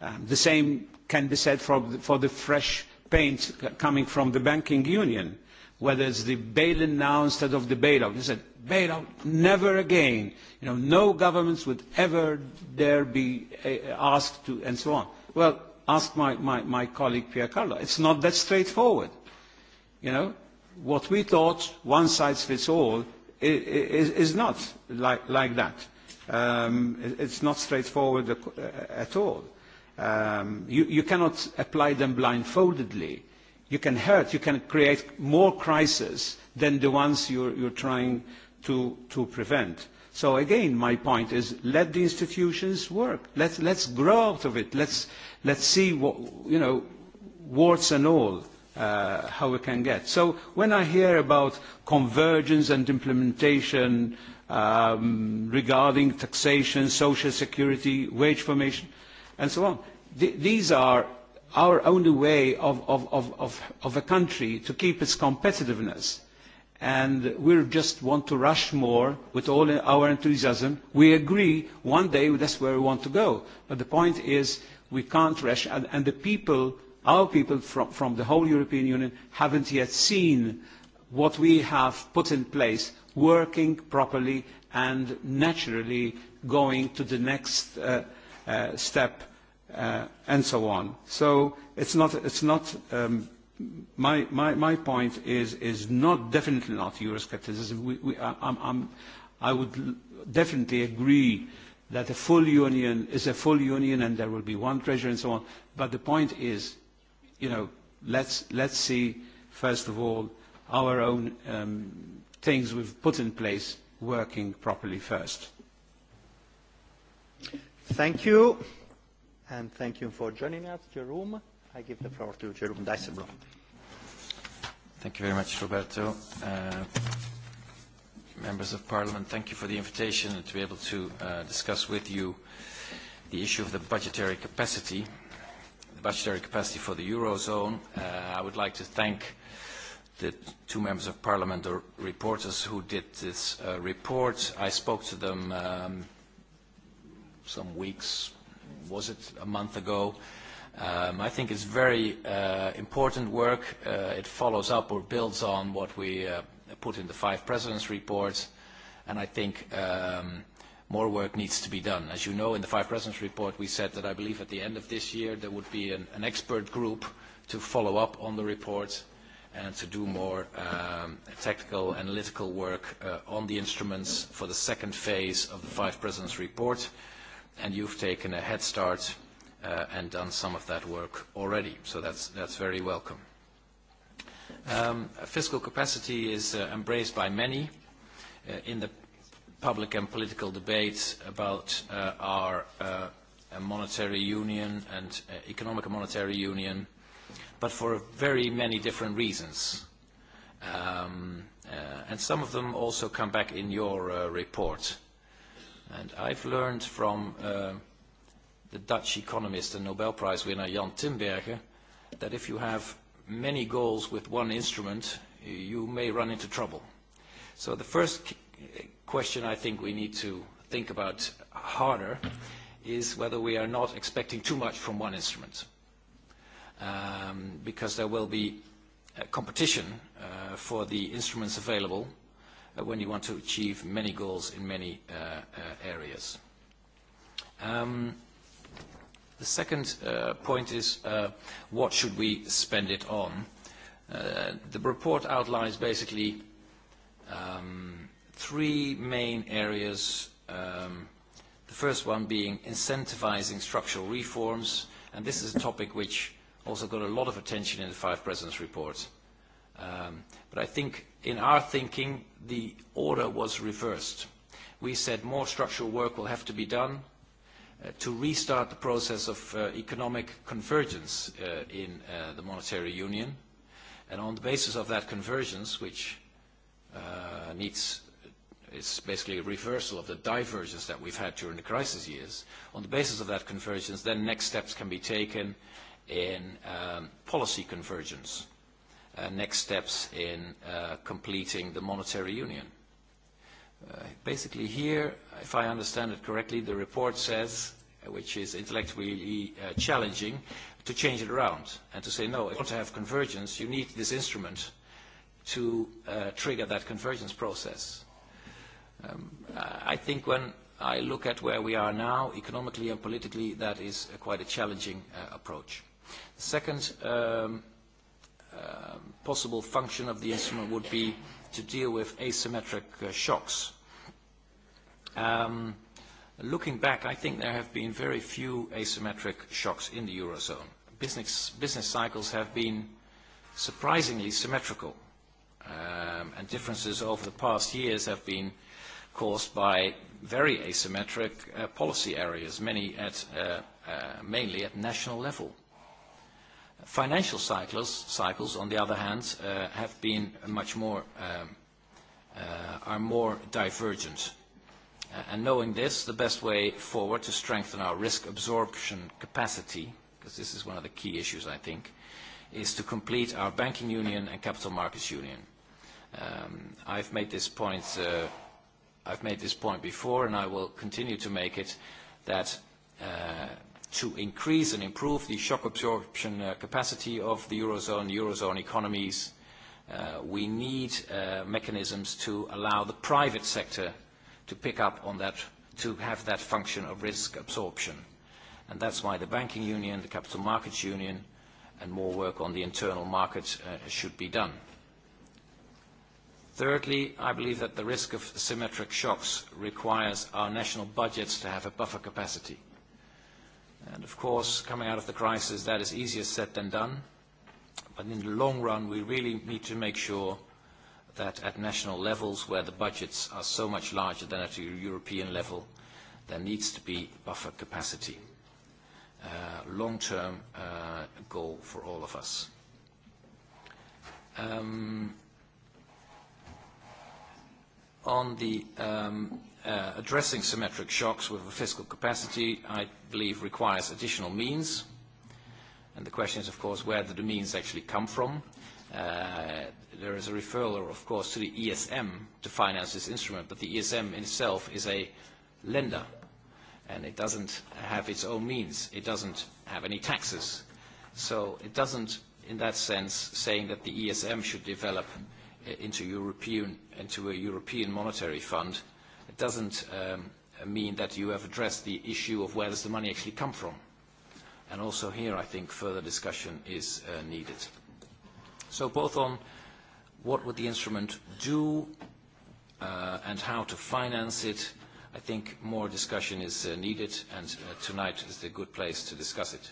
H: Um, the same can be said for the, for the fresh paint coming from the banking union, whether it's the bail-in now instead of the bailout. You said, bailout, never again. You know, no governments would ever dare be uh, asked to, and so on. Well, ask my, my, my colleague Pierre Carlo. It's not that straightforward. You know, what we thought one size fits all is, is not like, like that. Um, it's not straightforward uh, at all. Um, you, you cannot apply them blindfoldedly. You can hurt, you can create more crises than the ones you're, you're trying to, to prevent. So again, my point is let the institutions work. Let's, let's grow out of it. Let's, let's see, what, you know, warts and all, uh, how we can get. So when I hear about convergence and implementation um, regarding taxation, social security, wage formation, and so on, th these are our only way of, of, of, of, of a country to keep its competitiveness and we just want to rush more with all our enthusiasm. We agree one day that's where we want to go. But the point is we can't rush, and, and the people, our people from, from the whole European Union haven't yet seen what we have put in place working properly and naturally going to the next uh, uh, step uh, and so on. So it's not, it's not um, my, my, my point is, is not definitely not Euroscepticism. We, we, I, I'm, I'm, I would definitely agree that a full union is a full union and there will be one treasure and so on. But the point is, you know, let's, let's see, first of all, our own um, things we've put in place working properly first.
A: Thank you. And thank you for joining us, Jerome. I give the floor to Jerome Dijsselbloem.
I: Thank you very much, Roberto. Uh, members of Parliament, thank you for the invitation to be able to uh, discuss with you the issue of the budgetary capacity, the budgetary capacity for the Eurozone. Uh, I would like to thank the two members of Parliament, the reporters who did this uh, report. I spoke to them um, some weeks, was it a month ago, Um, I think it's very uh, important work. Uh, it follows up or builds on what we uh, put in the five presidents' reports, and I think um, more work needs to be done. As you know, in the five presidents' report, we said that I believe at the end of this year there would be an, an expert group to follow up on the report and to do more um, technical analytical work uh, on the instruments for the second phase of the five presidents' report. And you've taken a head start uh, and done some of that work already. So that's, that's very welcome. Um, fiscal capacity is uh, embraced by many uh, in the public and political debates about uh, our uh, monetary union and uh, economic and monetary union, but for very many different reasons. Um, uh, and some of them also come back in your uh, report. And I've learned from uh, the Dutch economist and Nobel Prize winner Jan Timberger that if you have many goals with one instrument, you may run into trouble. So the first question I think we need to think about harder is whether we are not expecting too much from one instrument, um, because there will be a uh, competition uh, for the instruments available uh, when you want to achieve many goals in many uh, uh, areas. Um, The second uh, point is uh, what should we spend it on? Uh, the report outlines basically um, three main areas, um, the first one being incentivizing structural reforms, and this is a topic which also got a lot of attention in the Five Presidents report. Um, but I think in our thinking, the order was reversed. We said more structural work will have to be done, Uh, to restart the process of uh, economic convergence uh, in uh, the monetary union. And on the basis of that convergence, which uh, needs, is basically a reversal of the divergence that we've had during the crisis years, on the basis of that convergence, then next steps can be taken in um, policy convergence, uh, next steps in uh, completing the monetary union. Uh, basically here, if I understand it correctly, the report says, uh, which is intellectually uh, challenging, to change it around and to say, no, if you want to have convergence, you need this instrument to uh, trigger that convergence process. Um, I think when I look at where we are now, economically and politically, that is uh, quite a challenging uh, approach. Second, um, uh, possible function of the instrument would be to deal with asymmetric uh, shocks. Um, looking back, I think there have been very few asymmetric shocks in the Eurozone. Business, business cycles have been surprisingly symmetrical, um, and differences over the past years have been caused by very asymmetric uh, policy areas, many at, uh, uh, mainly at national level. Financial cycles, cycles, on the other hand, uh, have been much more, um, uh, are more divergent. Uh, and knowing this, the best way forward to strengthen our risk absorption capacity, because this is one of the key issues, I think, is to complete our banking union and capital markets union. Um, I've made this point, uh, I've made this point before, and I will continue to make it, that uh, to increase and improve the shock absorption uh, capacity of the Eurozone, Eurozone economies. Uh, we need uh, mechanisms to allow the private sector to pick up on that, to have that function of risk absorption. And that's why the banking union, the capital markets union, and more work on the internal market uh, should be done. Thirdly, I believe that the risk of symmetric shocks requires our national budgets to have a buffer capacity – And of course, coming out of the crisis, that is easier said than done. But in the long run, we really need to make sure that at national levels, where the budgets are so much larger than at a European level, there needs to be buffer capacity. Uh, Long-term uh, goal for all of us. Um, on the um, Uh, addressing symmetric shocks with a fiscal capacity, I believe, requires additional means. And the question is, of course, where do the means actually come from? Uh, there is a referral, of course, to the ESM to finance this instrument, but the ESM itself is a lender, and it doesn't have its own means. It doesn't have any taxes. So it doesn't, in that sense, saying that the ESM should develop uh, into, European, into a European monetary fund It doesn't um, mean that you have addressed the issue of where does the money actually come from. And also here, I think further discussion is uh, needed. So both on what would the instrument do uh, and how to finance it, I think more discussion is uh, needed, and uh, tonight is the good place to discuss it.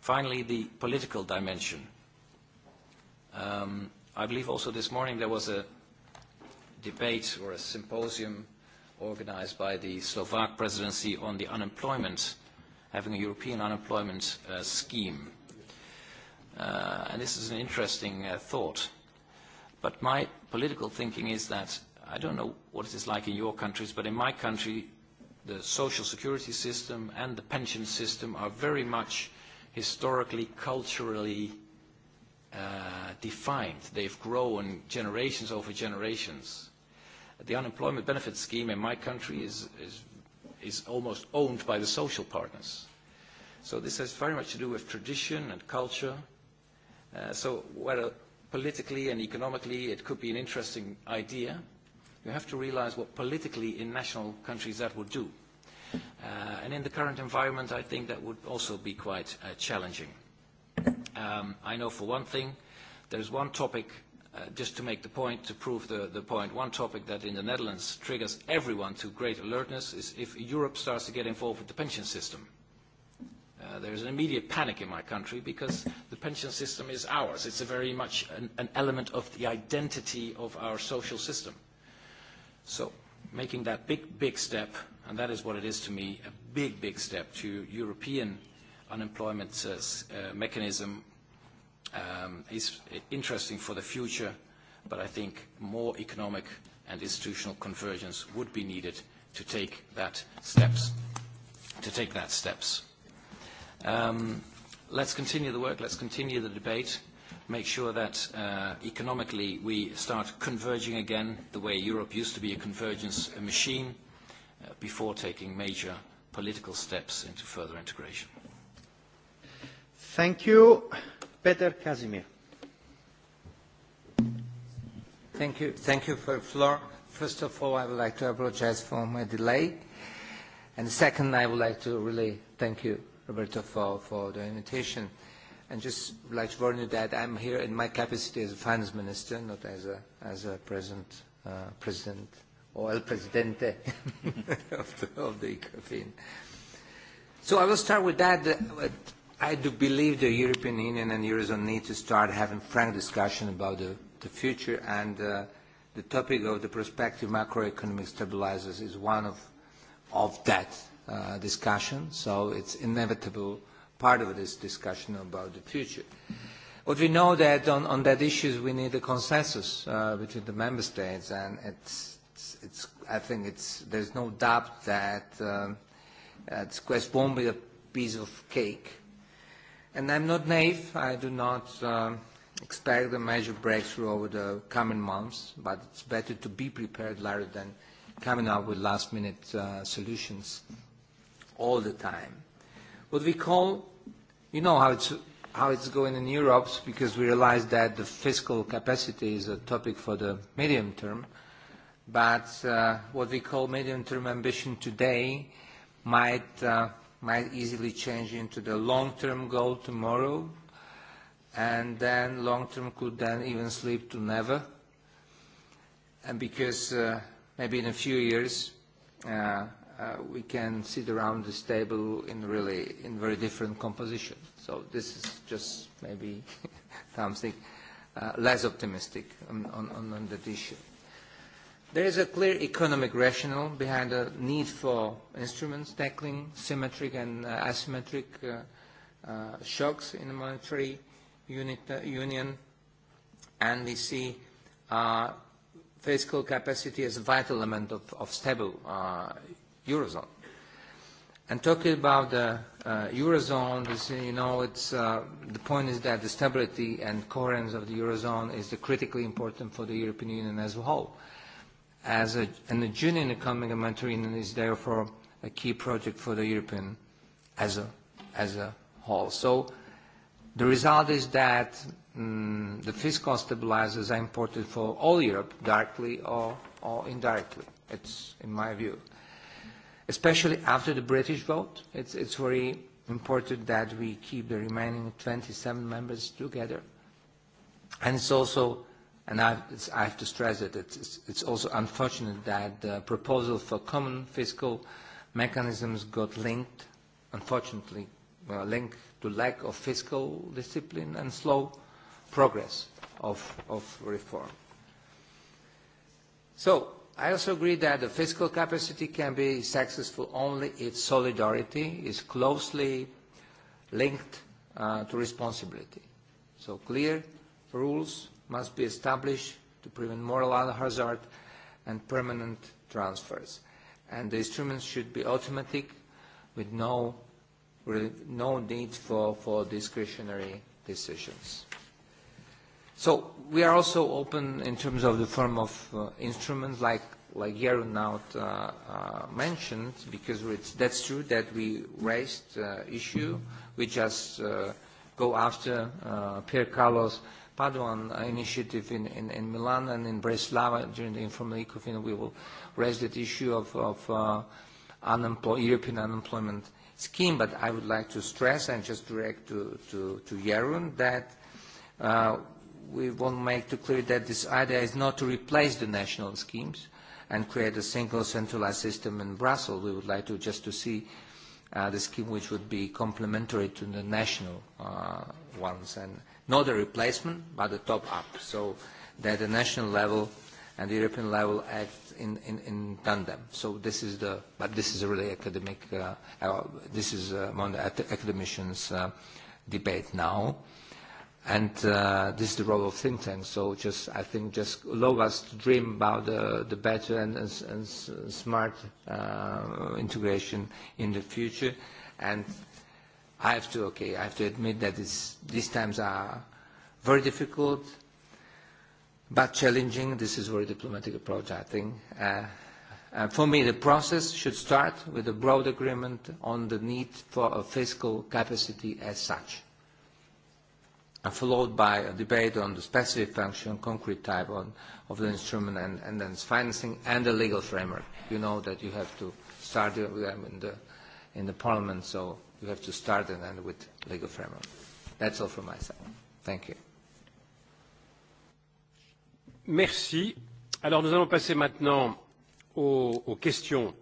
I: Finally, the political dimension. Um, I believe also this morning there was a debate or a symposium organized by the Slovak presidency on the unemployment, having a European unemployment uh, scheme. Uh, and this is an interesting uh, thought. But my political thinking is that, I don't know what it is like in your countries, but in my country, the social security system and the pension system are very much historically, culturally uh, defined. They've grown generations over generations the unemployment benefit scheme in my country is, is, is almost owned by the social partners. So this has very much to do with tradition and culture. Uh, so whether politically and economically it could be an interesting idea, you have to realize what politically in national countries that would do. Uh, and in the current environment, I think that would also be quite uh, challenging. Um, I know for one thing, there's one topic Uh, just to make the point, to prove the, the point, one topic that in the Netherlands triggers everyone to great alertness is if Europe starts to get involved with the pension system. Uh, there is an immediate panic in my country because the pension system is ours. It's a very much an, an element of the identity of our social system. So making that big, big step, and that is what it is to me, a big, big step to European unemployment uh, uh, mechanism um, is interesting for the future, but I think more economic and institutional convergence would be needed to take that steps. To take that steps. Um, let's continue the work, let's continue the debate, make sure that uh, economically we start converging again the way Europe used to be a convergence machine uh, before taking major political steps
A: into further integration. Thank you. Peter Casimir. Thank
J: you. Thank you for the floor. First of all, I would like to apologize for my delay. And second, I would like to really thank you, Roberto, for, for the invitation. And just would like to warn you that I'm here in my capacity as a finance minister, not as a, as a present uh, president or el presidente of the, of the ECOFIN. So I will start with that. Uh, I do believe the European Union and Eurozone need to start having frank discussion about the, the future and uh, the topic of the prospective macroeconomic stabilizers is one of, of that uh, discussion, so it's inevitable part of this discussion about the future. But we know that on, on that issue we need a consensus uh, between the member states and it's, it's, it's, I think it's, there's no doubt that um, uh, this quest won't be a piece of cake And I'm not naive. I do not uh, expect a major breakthrough over the coming months, but it's better to be prepared rather than coming up with last-minute uh, solutions all the time. What we call, you know how it's, how it's going in Europe, because we realize that the fiscal capacity is a topic for the medium term, but uh, what we call medium-term ambition today might uh, might easily change into the long-term goal tomorrow, and then long-term could then even slip to never. And because uh, maybe in a few years uh, uh, we can sit around this table in really in very different composition. So this is just maybe something uh, less optimistic on, on, on that issue. There is a clear economic rationale behind the need for instruments tackling symmetric and uh, asymmetric uh, uh, shocks in the monetary unit, uh, union, and we see uh, fiscal capacity as a vital element of, of stable uh, eurozone. And talking about the uh, eurozone, this, you know, it's, uh, the point is that the stability and coherence of the eurozone is critically important for the European Union as a whole. Well as a, and the Junior Economic and Humanitarian is therefore a key project for the European as a, as a whole. So the result is that um, the fiscal stabilizers are important for all Europe, directly or, or indirectly, it's in my view. Especially after the British vote, it's, it's very important that we keep the remaining 27 members together. And it's also And I, it's, I have to stress that it's, it's also unfortunate that the proposal for common fiscal mechanisms got linked, unfortunately, uh, linked to lack of fiscal discipline and slow progress of, of reform. So I also agree that the fiscal capacity can be successful only if solidarity is closely linked uh, to responsibility. So clear rules must be established to prevent moral hazard and permanent transfers. And the instruments should be automatic with no, no need for, for discretionary decisions. So we are also open in terms of the form of uh, instruments like like Jeroen now uh, uh, mentioned, because it's, that's true that we raised uh, issue. We just uh, go after uh, Pierre Carlos' Paduan initiative in, in, in Milan and in Breslava during the informal ECOFIN, we will raise that issue of, of uh, unemploy European unemployment scheme. But I would like to stress and just direct to, to, to Jeroen that uh, we want to make too clear that this idea is not to replace the national schemes and create a single centralized system in Brussels. We would like to just to see uh, the scheme which would be complementary to the national uh, ones, and not a replacement, but the top-up, so that the national level and the European level act in, in, in tandem. So this is the, but this is a really academic, uh, uh, this is uh, among the academicians uh, debate now. And uh, this is the role of think tanks, so just, I think, just allow us to dream about the, the better and, and, and smart uh, integration in the future. And I have to, okay, I have to admit that it's, these times are very difficult, but challenging. This is very diplomatic approach, I think. Uh, uh, for me, the process should start with a broad agreement on the need for a fiscal capacity as such, and followed by a debate on the specific function, concrete type on, of the instrument and, and then its financing and the legal framework. You know that you have to start with them in the, in the parliament, so you have to start and end with legal framework. That's all from my side.
B: Thank you. Merci. Alors nous allons passer maintenant aux, aux questions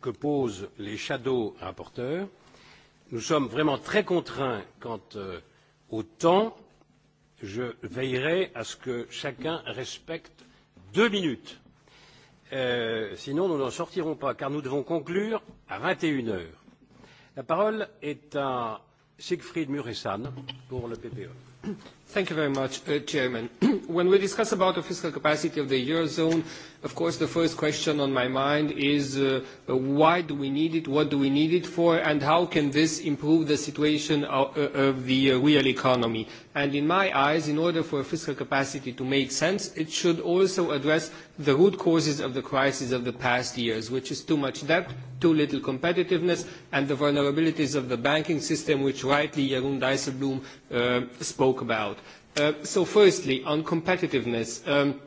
B: que posent les shadow rapporteurs. Nous sommes vraiment très contraints quant euh, au temps. Je veillerai à ce que chacun respecte deux minutes. Euh, sinon, nous n'en sortirons pas, car nous devons conclure à 21 heures. La parole est à Siegfried Murissan pour le PPE. Thank
K: you very much, uh, Chairman. when we discuss about the fiscal capacity of the Eurozone, of course the first question on my mind is uh, why do we need it, what do we need it for, and how can this improve the situation of, uh, of the uh, real economy? And in my eyes, in order for fiscal capacity to make sense, it should also address the root causes of the crisis of the past years, which is too much debt, too little competitiveness, and the vulnerabilities of the banking system, which rightly Jeroen Dijsselbloem uh, spoke about. Uh, so firstly, on competitiveness, um,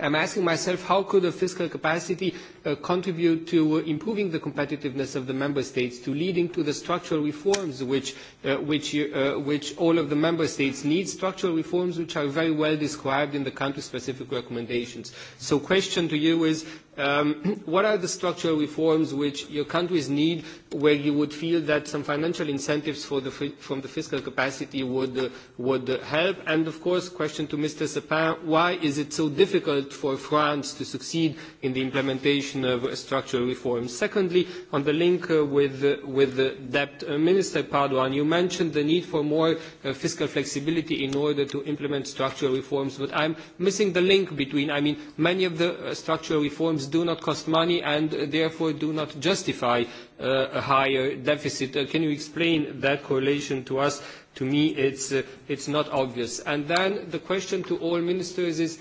K: I'm asking myself how could a fiscal capacity uh, contribute to uh, improving the competitiveness of the member states, to leading to the structural reforms which, uh, which, uh, which all of the member states need, structural reforms which are very well described in the country-specific recommendations. So question to you is Um, what are the structural reforms which your countries need where you would feel that some financial incentives for the, from the fiscal capacity would, uh, would help? And of course, question to Mr. Sapin, why is it so difficult for France to succeed in the implementation of structural reforms? Secondly, on the link uh, with, uh, with the debt, uh, Minister Padouan, you mentioned the need for more uh, fiscal flexibility in order to implement structural reforms, but I'm missing the link between, I mean, many of the uh, structural reforms programs do not cost money and uh, therefore do not justify uh, a higher deficit. Uh, can you explain that correlation to us? To me, it's, uh, it's not obvious. And then the question to all ministers is,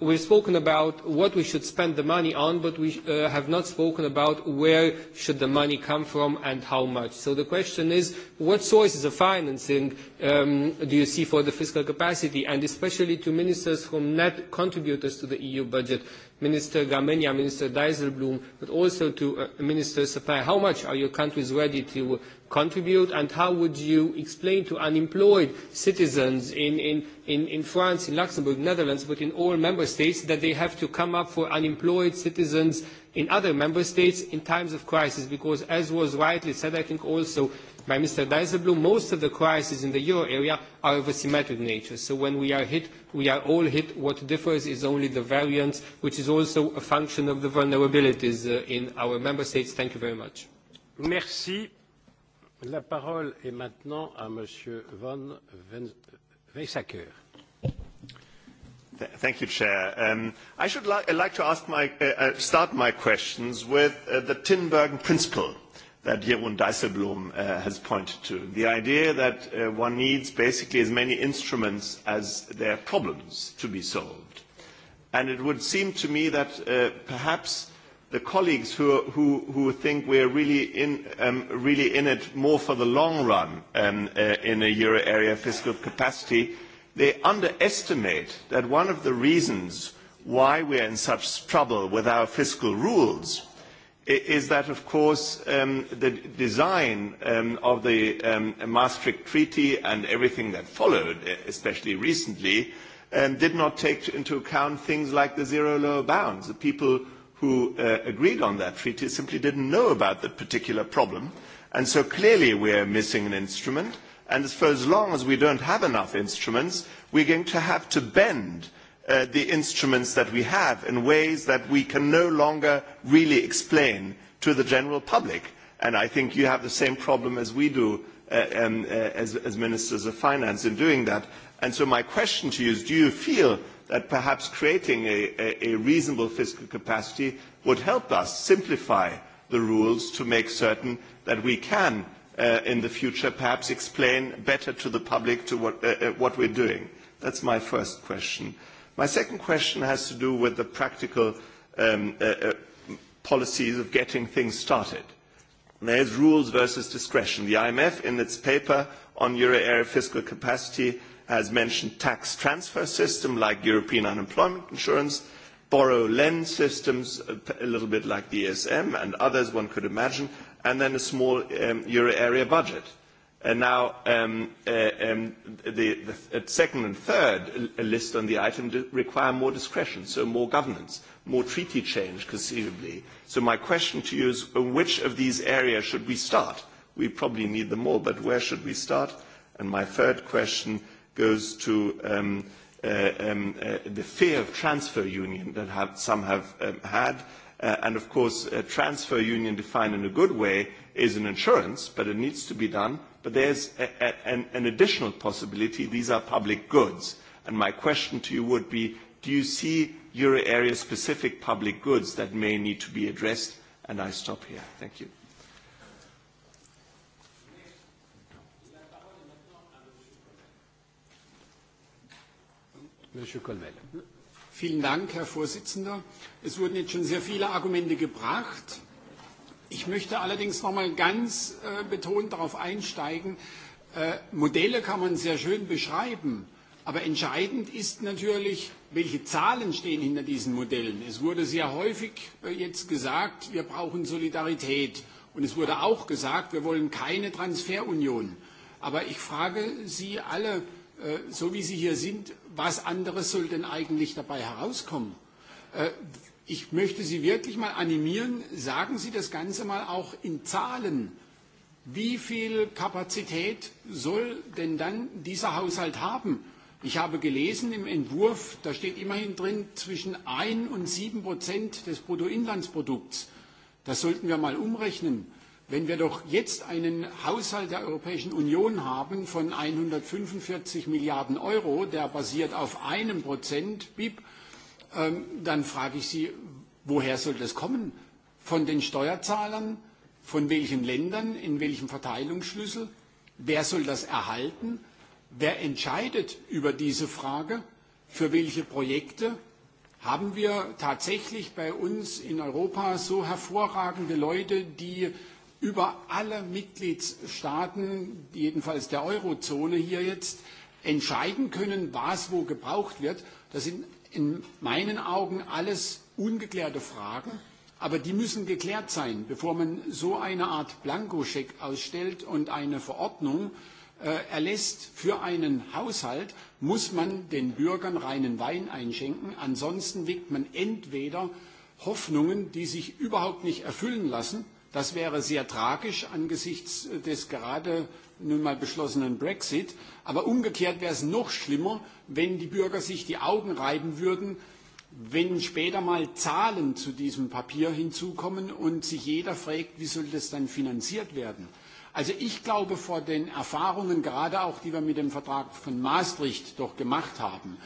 K: we've spoken about what we should spend the money on, but we uh, have not spoken about where should the money come from and how much. So the question is, what sources of financing um, do you see for the fiscal capacity, and especially to ministers from net contributors to the EU budget, Minister Gamenia, Minister Dijsselbloem, but also to uh, Minister Safai, how much are your countries ready to contribute, and how would you explain to unemployed citizens in, in, in, in France, in Luxembourg, Netherlands, but in all member states, that they have to come up for unemployed citizens in other member states in times of crisis, because as was rightly said, I think also by Mr. Dijsselbloem, most of the crises in the euro area are of a symmetric nature. So when we are hit, we are all hit. What differs is only the variance, which is also a function of the vulnerabilities uh, in our member states. Thank you very much.
B: Merci. La parole est maintenant à Monsieur Von Weissacker.
L: Thank you, Chair. Um, I should li like to ask my, uh, uh, start my questions with uh, the Tinbergen principle that Jeroen Dijsselbloem uh, has pointed to. The idea that uh, one needs basically as many instruments as there are problems to be solved. And it would seem to me that uh, perhaps the colleagues who, who, who think we're really in, um, really in it more for the long run um, uh, in a euro area fiscal capacity, they underestimate that one of the reasons why we're in such trouble with our fiscal rules is that, of course, um, the design um, of the um, Maastricht Treaty and everything that followed, e, especially recently, um, did not take into account things like the zero lower bounds. The people who uh, agreed on that treaty simply didn't know about that particular problem. And so clearly we are missing an instrument. And for as long as we don't have enough instruments, we're going to have to bend uh, uh, the instruments that we have in ways that we can no longer really explain to the general public. And I think you have the same problem as we do uh, um, uh, as, as ministers of finance in doing that. And so my question to you is, do you feel that perhaps creating a, a, a reasonable fiscal capacity would help us simplify the rules to make certain that we can uh, in the future perhaps explain better to the public to what, uh, uh what we're doing? That's my first question. My second question has to do with the practical um, uh, uh, policies of getting things started. There is rules versus discretion. The IMF, in its paper on euro area fiscal capacity, has mentioned tax transfer system like European unemployment insurance, borrow lend systems a little bit like the ESM and others one could imagine, and then a small um, euro area budget. And now um, uh, um, the, the second and third list on the item require more discretion, so more governance, more treaty change, conceivably. So my question to you is, which of these areas should we start? We probably need them all, but where should we start? And my third question goes to um, uh, um, uh, the fear of transfer union that have, some have um, had. Uh, and of course, a transfer union defined in a good way is an insurance, but it needs to be done but there's a, a, an, an additional possibility. These are public goods. And my question to you would be, do you see euro area specific public goods that may need to be addressed? And I stop here. Thank you.
M: Colmel. Vielen Dank, Herr Vorsitzender. Es wurden jetzt schon sehr viele Argumente gebracht. Ich möchte allerdings noch mal ganz äh, betont darauf einsteigen, äh, Modelle kann man sehr schön beschreiben, aber entscheidend ist natürlich, welche Zahlen stehen hinter diesen Modellen. Es wurde sehr häufig äh, jetzt gesagt, wir brauchen Solidarität. Und es wurde auch gesagt, wir wollen keine Transferunion. Aber ich frage Sie alle, äh, so wie Sie hier sind, was anderes soll denn eigentlich dabei herauskommen? Äh, Ich möchte Sie wirklich mal animieren, sagen Sie das Ganze mal auch in Zahlen. Wie viel Kapazität soll denn dann dieser Haushalt haben? Ich habe gelesen im Entwurf, da steht immerhin drin zwischen 1 und 7 Prozent des Bruttoinlandsprodukts. Das sollten wir mal umrechnen. Wenn wir doch jetzt einen Haushalt der Europäischen Union haben von 145 Milliarden Euro, der basiert auf einem Prozent BIP, Ähm, dann frage ich Sie, woher soll das kommen? Von den Steuerzahlern? Von welchen Ländern? In welchem Verteilungsschlüssel? Wer soll das erhalten? Wer entscheidet über diese Frage? Für welche Projekte? Haben wir tatsächlich bei uns in Europa so hervorragende Leute, die über alle Mitgliedstaaten, jedenfalls der Eurozone hier jetzt, entscheiden können, was wo gebraucht wird? Das sind in meinen Augen alles ungeklärte Fragen, aber die müssen geklärt sein, bevor man so eine Art Blankoscheck ausstellt und eine Verordnung äh, erlässt für einen Haushalt, muss man den Bürgern reinen Wein einschenken. Ansonsten wiegt man entweder Hoffnungen, die sich überhaupt nicht erfüllen lassen, Das wäre sehr tragisch angesichts des gerade nun mal beschlossenen Brexit. Aber umgekehrt wäre es noch schlimmer, wenn die Bürger sich die Augen reiben würden, wenn später mal Zahlen zu diesem Papier hinzukommen und sich jeder fragt, wie soll das dann finanziert werden. Also ich glaube vor den Erfahrungen, gerade auch die wir mit dem Vertrag von Maastricht doch gemacht haben,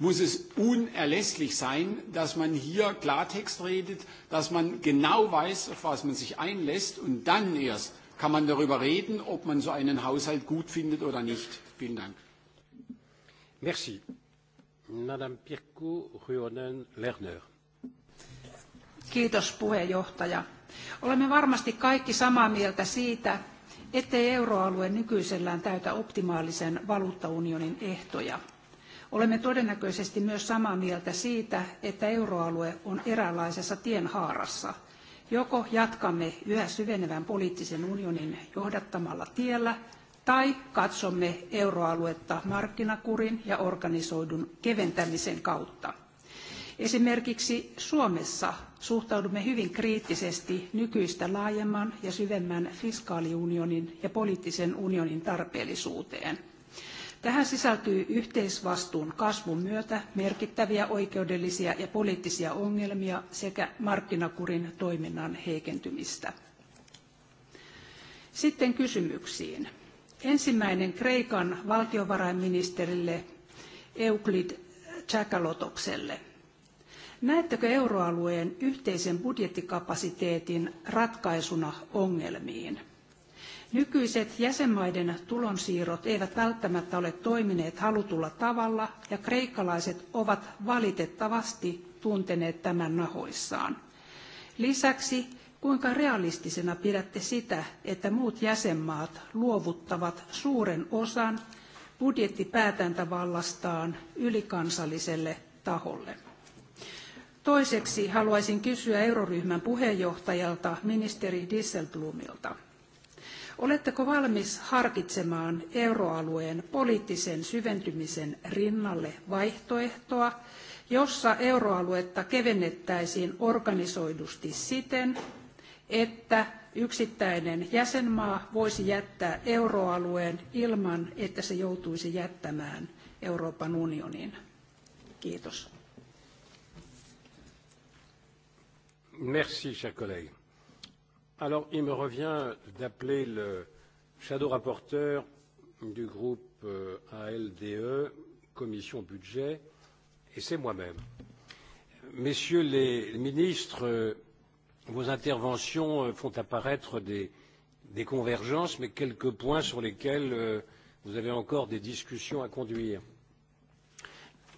M: muss es unerlässlich sein, dass man hier Klartext redet, dass man genau weiß, auf was man sich einlässt und dann erst kann man darüber reden, ob man so einen Haushalt gut findet oder nicht. Vielen Dank. Merci.
B: Madame Pirko Ruonen Lerner.
N: Kiitos puheenjohtaja. Olemme varmasti kaikki samaa mieltä siitä, ettei euroalue nykyisellään täytä optimaalisen valuuttaunionin ehtoja. Olemme todennäköisesti myös samaa mieltä siitä, että euroalue on eräänlaisessa tienhaarassa. Joko jatkamme yhä syvenevän poliittisen unionin johdattamalla tiellä, tai katsomme euroaluetta markkinakurin ja organisoidun keventämisen kautta. Esimerkiksi Suomessa suhtaudumme hyvin kriittisesti nykyistä laajemman ja syvemmän fiskaaliunionin ja poliittisen unionin tarpeellisuuteen – Tähän sisältyy yhteisvastuun kasvun myötä merkittäviä oikeudellisia ja poliittisia ongelmia sekä markkinakurin toiminnan heikentymistä. Sitten kysymyksiin. Ensimmäinen Kreikan valtiovarainministerille Euclid Tsäkalotokselle. Näettekö euroalueen yhteisen budjettikapasiteetin ratkaisuna ongelmiin? Nykyiset jäsenmaiden tulonsiirrot eivät välttämättä ole toimineet halutulla tavalla ja kreikkalaiset ovat valitettavasti tunteneet tämän nahoissaan. Lisäksi, kuinka realistisena pidätte sitä, että muut jäsenmaat luovuttavat suuren osan budjettipäätäntävallastaan ylikansalliselle taholle? Toiseksi haluaisin kysyä euroryhmän puheenjohtajalta ministeri Disselblumilta. Oletteko valmis harkitsemaan euroalueen poliittisen syventymisen rinnalle vaihtoehtoa, jossa euroaluetta kevennettäisiin organisoidusti siten, että yksittäinen jäsenmaa voisi jättää euroalueen ilman, että se joutuisi jättämään Euroopan unionin. Kiitos.
B: Merci, cher collègue. Alors, il me revient d'appeler le shadow rapporteur du groupe euh, ALDE, Commission Budget, et c'est moi-même. Messieurs les ministres, vos interventions euh, font apparaître des, des convergences, mais quelques points sur lesquels euh, vous avez encore des discussions à conduire.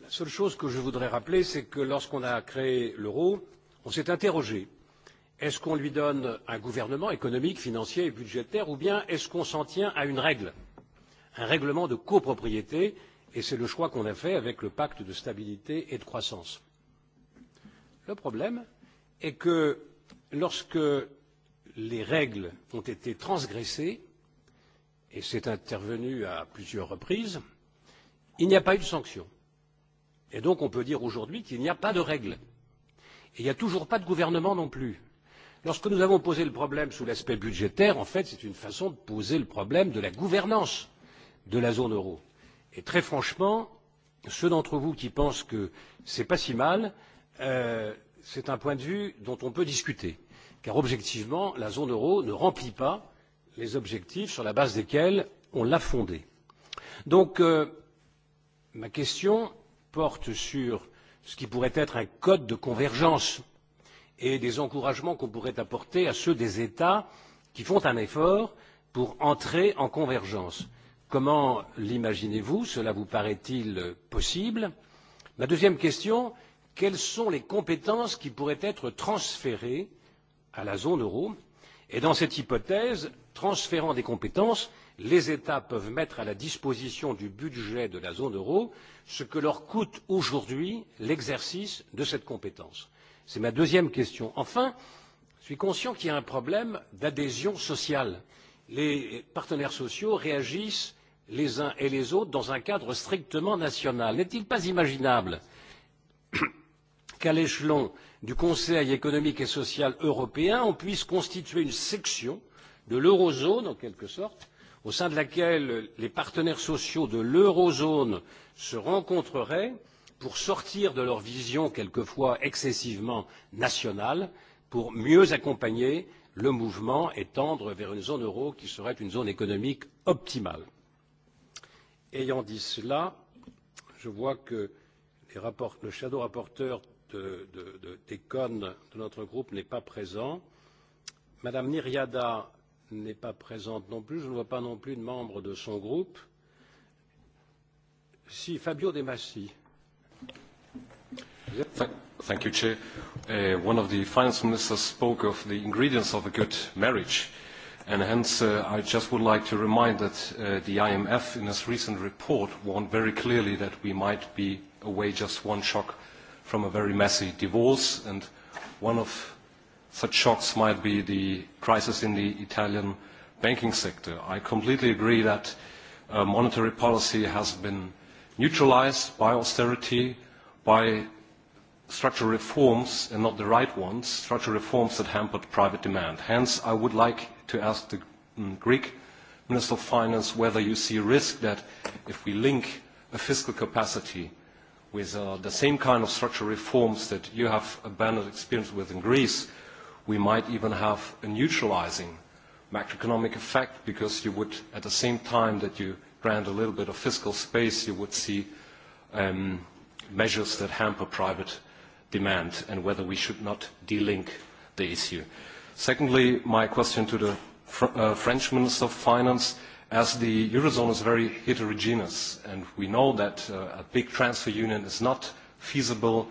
B: La seule chose que je voudrais rappeler, c'est que lorsqu'on a créé l'euro, on s'est interrogé Est-ce qu'on lui donne un gouvernement économique, financier et budgétaire ou bien est-ce qu'on s'en tient à une règle, un règlement de copropriété et c'est le choix qu'on a fait avec le pacte de stabilité et de croissance. Le problème est que lorsque les règles ont été transgressées, et c'est intervenu à plusieurs reprises, il n'y a pas eu de sanction. Et donc on peut dire aujourd'hui qu'il n'y a pas de règles. Et il n'y a toujours pas de gouvernement non plus. Lorsque nous avons posé le problème sous l'aspect budgétaire, en fait, c'est une façon de poser le problème de la gouvernance de la zone euro. Et très franchement, ceux d'entre vous qui pensent que c'est pas si mal, euh, c'est un point de vue dont on peut discuter. Car objectivement, la zone euro ne remplit pas les objectifs sur la base desquels on l'a fondée. Donc, euh, ma question porte sur ce qui pourrait être un code de convergence et des encouragements qu'on pourrait apporter à ceux des États qui font un effort pour entrer en convergence. Comment l'imaginez-vous Cela vous paraît-il possible Ma deuxième question, quelles sont les compétences qui pourraient être transférées à la zone euro Et dans cette hypothèse, transférant des compétences, les États peuvent mettre à la disposition du budget de la zone euro ce que leur coûte aujourd'hui l'exercice de cette compétence. C'est ma deuxième question. Enfin, je suis conscient qu'il y a un problème d'adhésion sociale. Les partenaires sociaux réagissent les uns et les autres dans un cadre strictement national. N'est-il pas imaginable qu'à l'échelon du Conseil économique et social européen, on puisse constituer une section de l'eurozone, en quelque sorte, au sein de laquelle les partenaires sociaux de l'eurozone se rencontreraient pour sortir de leur vision quelquefois excessivement nationale, pour mieux accompagner le mouvement et tendre vers une zone euro qui serait une zone économique optimale. Ayant dit cela, je vois que les le shadow rapporteur de, de, de, de notre groupe n'est pas présent. Madame Niriada n'est pas présente non plus. Je ne vois pas non plus de membre de son groupe. Si, Fabio De Massi.
O: Thank, thank you, Chair. Uh, one of the finance ministers spoke of the ingredients of a good marriage. And hence, uh, I just would like to remind that uh, the IMF, in its recent report, warned very clearly that we might be away just one shock from a very messy divorce. And one of such shocks might be the crisis in the Italian banking sector. I completely agree that uh, monetary policy has been neutralized by austerity, by structural reforms and not the right ones, structural reforms that hampered private demand. Hence, I would like to ask the mm, Greek Minister of Finance whether you see a risk that if we link a fiscal capacity with uh, the same kind of structural reforms that you have abandoned experience with in Greece, we might even have a neutralizing macroeconomic effect because you would, at the same time that you grant a little bit of fiscal space, you would see um, measures that hamper private demand and whether we should not delink the issue. Secondly, my question to the fr uh, French Minister of Finance, as the Eurozone is very heterogeneous and we know that uh, a big transfer union is not feasible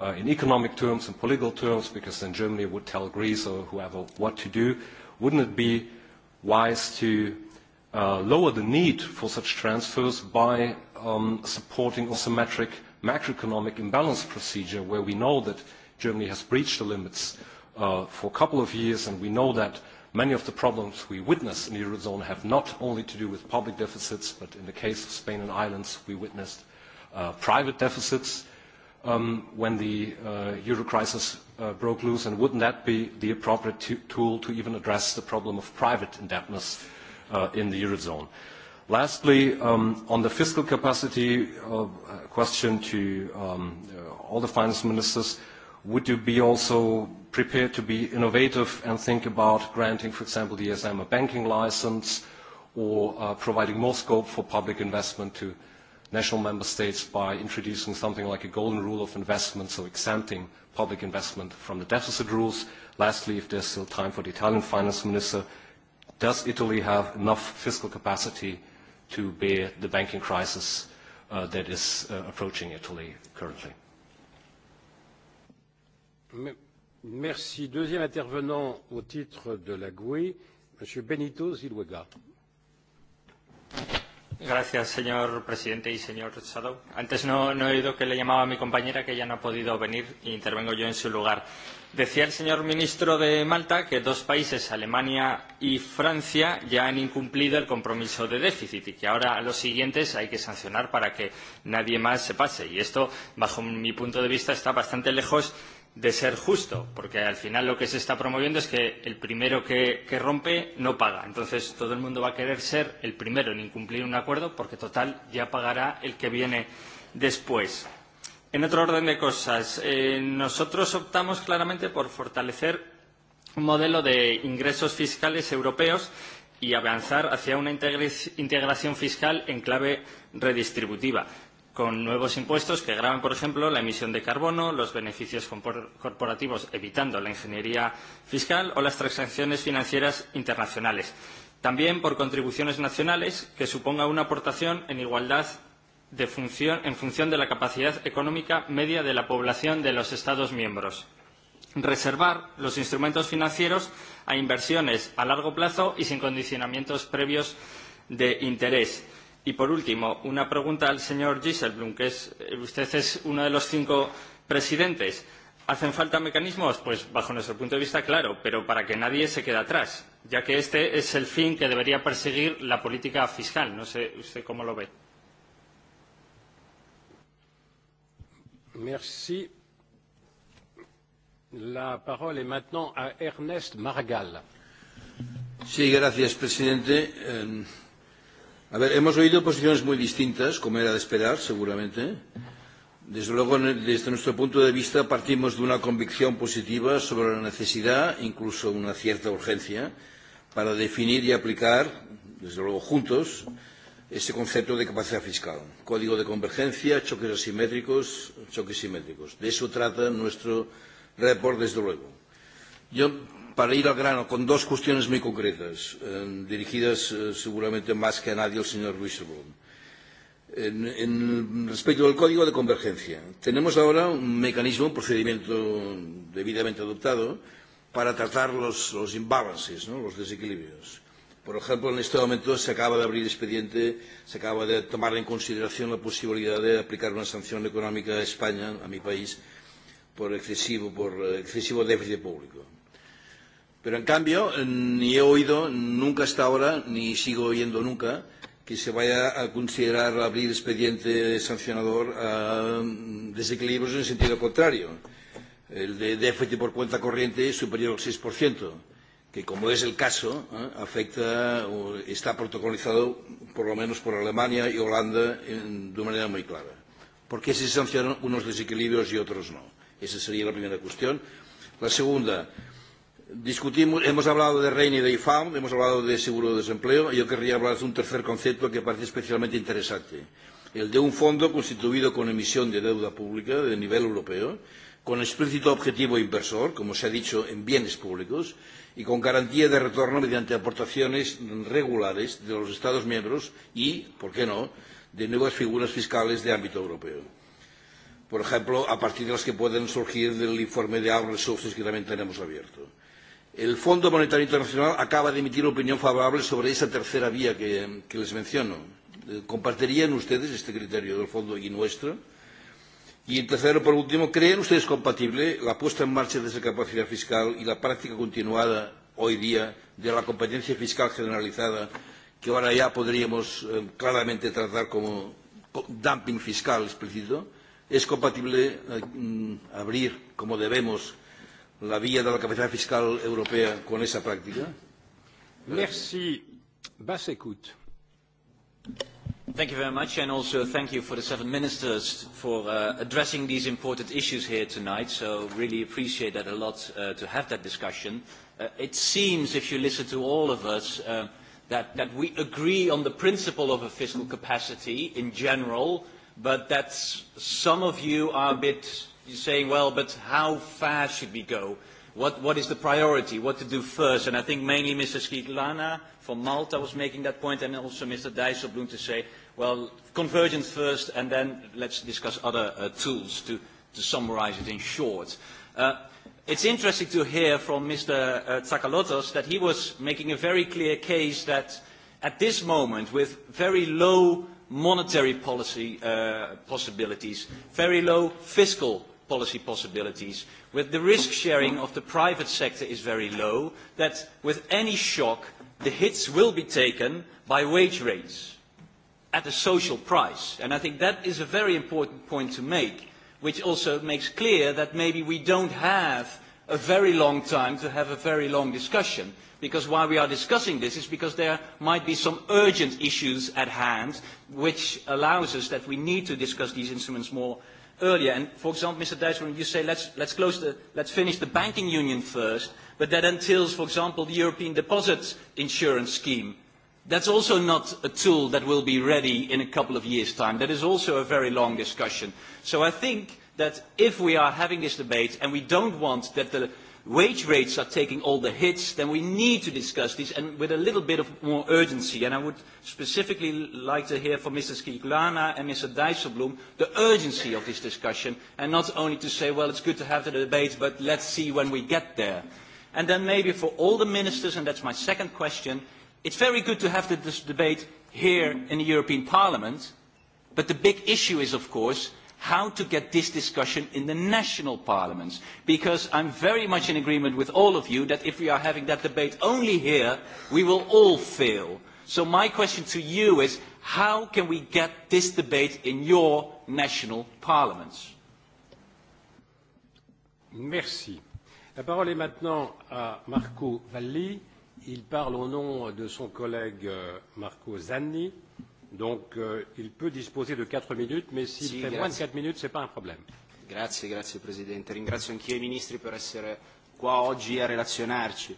O: uh, in economic terms and political terms because then Germany would tell Greece or whoever what to do, wouldn't it be wise to uh, lower the need for such transfers by um, supporting asymmetric macroeconomic imbalance procedure where we know that Germany has breached the limits uh, for a couple of years and we know that many of the problems we witness in the Eurozone have not only to do with public deficits, but in the case of Spain and Ireland, we witnessed uh, private deficits um, when the uh, euro crisis uh, broke loose, and wouldn't that be the appropriate tool to even address the problem of private indebtedness uh, in the Eurozone? Lastly, um, on the fiscal capacity uh, question to um, uh, all the finance ministers, would you be also prepared to be innovative and think about granting, for example, the ESM a banking license or uh, providing more scope for public investment to national member states by introducing something like a golden rule of investment, so exempting public investment from the deficit rules? Lastly, if there's still time for the Italian finance minister, does Italy have enough fiscal capacity to bear the banking crisis uh, that is uh, approaching Italy currently.
B: Merci. Deuxième intervenant au titre de la GUE, M. Benito Zilwega.
P: Gracias, señor presidente y señor Shadow. Antes no, no he oído que le llamaba a mi compañera, que ya no ha podido venir, e intervengo yo en su lugar. Decía el señor ministro de Malta que dos países, Alemania y Francia, ya han incumplido el compromiso de déficit y que ahora a los siguientes hay que sancionar para que nadie más se pase. Y esto, bajo mi punto de vista, está bastante lejos de ser justo, porque al final lo que se está promoviendo es que el primero que, que rompe no paga. Entonces todo el mundo va a querer ser el primero en incumplir un acuerdo porque total ya pagará el que viene después. En otro orden de cosas, eh, nosotros optamos claramente por fortalecer un modelo de ingresos fiscales europeos y avanzar hacia una integración fiscal en clave redistributiva con nuevos impuestos que gravan, por ejemplo, la emisión de carbono, los beneficios corporativos evitando la ingeniería fiscal o las transacciones financieras internacionales. También por contribuciones nacionales que suponga una aportación en igualdad de función, en función de la capacidad económica media de la población de los Estados miembros. Reservar los instrumentos financieros a inversiones a largo plazo y sin condicionamientos previos de interés Y por último, una pregunta al señor Giselblum, que es, eh, usted es uno de los cinco presidentes. ¿Hacen falta mecanismos? Pues bajo nuestro punto de vista, claro, pero para que nadie se quede atrás, ya que este es el fin que debería perseguir la política fiscal. No sé usted cómo lo ve.
B: Merci. La parole est maintenant à Ernest Margal.
Q: Sí, gracias, presidente. Eh... A ver, hemos oído posiciones muy distintas, como era de esperar, seguramente. Desde luego, desde nuestro punto de vista, partimos de una convicción positiva sobre la necesidad, incluso una cierta urgencia, para definir y aplicar, desde luego juntos, ese concepto de capacidad fiscal. Código de convergencia, choques asimétricos, choques simétricos. De eso trata nuestro report, desde luego. Yo para ir al grano con dos cuestiones muy concretas, eh, dirigidas eh, seguramente más que a nadie el señor Luisterblom. En, en respecto del código de convergencia, tenemos ahora un mecanismo, un procedimiento debidamente adoptado para tratar los, los imbalances, ¿no? los desequilibrios. Por ejemplo, en este momento se acaba de abrir expediente, se acaba de tomar en consideración la posibilidad de aplicar una sanción económica a España, a mi país, por excesivo, por eh, excesivo déficit público. Pero en cambio, ni he oído nunca hasta ahora, ni sigo oyendo nunca, que se vaya a considerar abrir expediente sancionador a ah, desequilibrios en el sentido contrario. El de déficit por cuenta corriente es superior al 6%, que como es el caso, ¿eh? afecta o está protocolizado por lo menos por Alemania y Holanda en, de una manera muy clara. ¿Por qué se sancionan unos desequilibrios y otros no? Esa sería la primera cuestión. La segunda, Discutimos, hemos hablado de Reina y de IFAM, hemos hablado de seguro de desempleo, y yo querría hablar de un tercer concepto que parece especialmente interesante, el de un fondo constituido con emisión de deuda pública de nivel europeo, con explícito objetivo inversor, como se ha dicho, en bienes públicos, y con garantía de retorno mediante aportaciones regulares de los Estados miembros y, ¿por qué no?, de nuevas figuras fiscales de ámbito europeo. Por ejemplo, a partir de las que pueden surgir del informe de Our Resources que también tenemos abierto. El Fondo Monetario Internacional acaba de emitir opinión favorable sobre esa tercera vía que, que les menciono. Eh, ¿Compartirían ustedes este criterio del Fondo y nuestro? Y en tercero, por último, ¿creen ustedes compatible la puesta en marcha de esa capacidad fiscal y la práctica continuada hoy día de la competencia fiscal generalizada que ahora ya podríamos eh, claramente tratar como dumping fiscal explícito? ¿Es compatible eh, mm, abrir, como debemos, la vía de la capacidad fiscal europea con esa práctica?
B: Merci. Basse écoute.
R: Thank you very much, and also thank you for the seven ministers for uh, addressing these important issues here tonight. So really appreciate that a lot uh, to have that discussion. Uh, it seems, if you listen to all of us, uh, that, that we agree on the principle of a fiscal capacity in general, but that some of you are a bit You say, well, but how fast should we go? What, what is the priority? What to do first? And I think mainly Mr. Skiglana from Malta was making that point, and also Mr. Dijsselbloem to say, well, convergence first, and then let's discuss other uh, tools to, to summarize it in short. Uh, it's interesting to hear from Mr. Uh, Tsakalotos that he was making a very clear case that at this moment, with very low monetary policy uh, possibilities, very low fiscal policy possibilities, with the risk sharing of the private sector is very low, that with any shock, the hits will be taken by wage rates at a social price. And I think that is a very important point to make, which also makes clear that maybe we don't have a very long time to have a very long discussion, because why we are discussing this is because there might be some urgent issues at hand, which allows us that we need to discuss these instruments more earlier. And for example, Mr. Dijsselbloem, you say let's, let's, close the, let's finish the banking union first, but that entails, for example, the European Deposit Insurance Scheme. That's also not a tool that will be ready in a couple of years' time. That is also a very long discussion. So I think that if we are having this debate and we don't want that the wage rates are taking all the hits, then we need to discuss this and with a little bit of more urgency. And I would specifically like to hear from Mrs. Kiglana and Mr. Dijsselbloem the urgency of this discussion and not only to say, well, it's good to have the debate, but let's see when we get there. And then maybe for all the ministers, and that's my second question, it's very good to have the, this debate here in the European Parliament, but the big issue is, of course, how to get this discussion in the national parliaments. Because I'm very much in agreement with all of you that if we are having that debate only here, we will all fail. So my question to you is, how can we get this debate in your national parliaments?
B: Merci. La parole est maintenant à Marco Valli. Il parle au nom de son collègue euh, Marco Zanni Donc euh, il peut disposer de 4 minutes, mais s'il si, fait grazie. moins de 4 minutes, ce n'est pas
S: un problème. Grazie, grazie Presidente. Ringrazio anch'io i Ministri per essere qua oggi a relazionarci.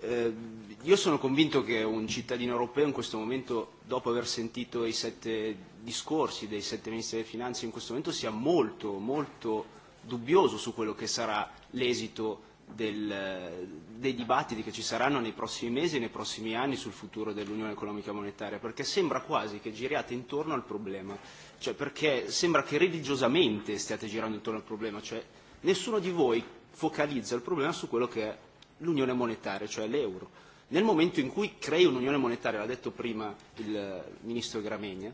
S: Eh, io sono convinto che un cittadino europeo in questo momento, dopo aver sentito i sette discorsi dei sette Ministri delle Finanze, in questo momento sia molto, molto dubbioso su quello che sarà l'esito del, dei dibattiti che ci saranno nei prossimi mesi e nei prossimi anni sul futuro dell'Unione Economica e Monetaria, perché sembra quasi che giriate intorno al problema, cioè perché sembra che religiosamente stiate girando intorno al problema, cioè nessuno di voi focalizza il problema su quello che è l'Unione Monetaria, cioè l'euro. Nel momento in cui crei un'unione monetaria, l'ha detto prima il ministro Gramegna,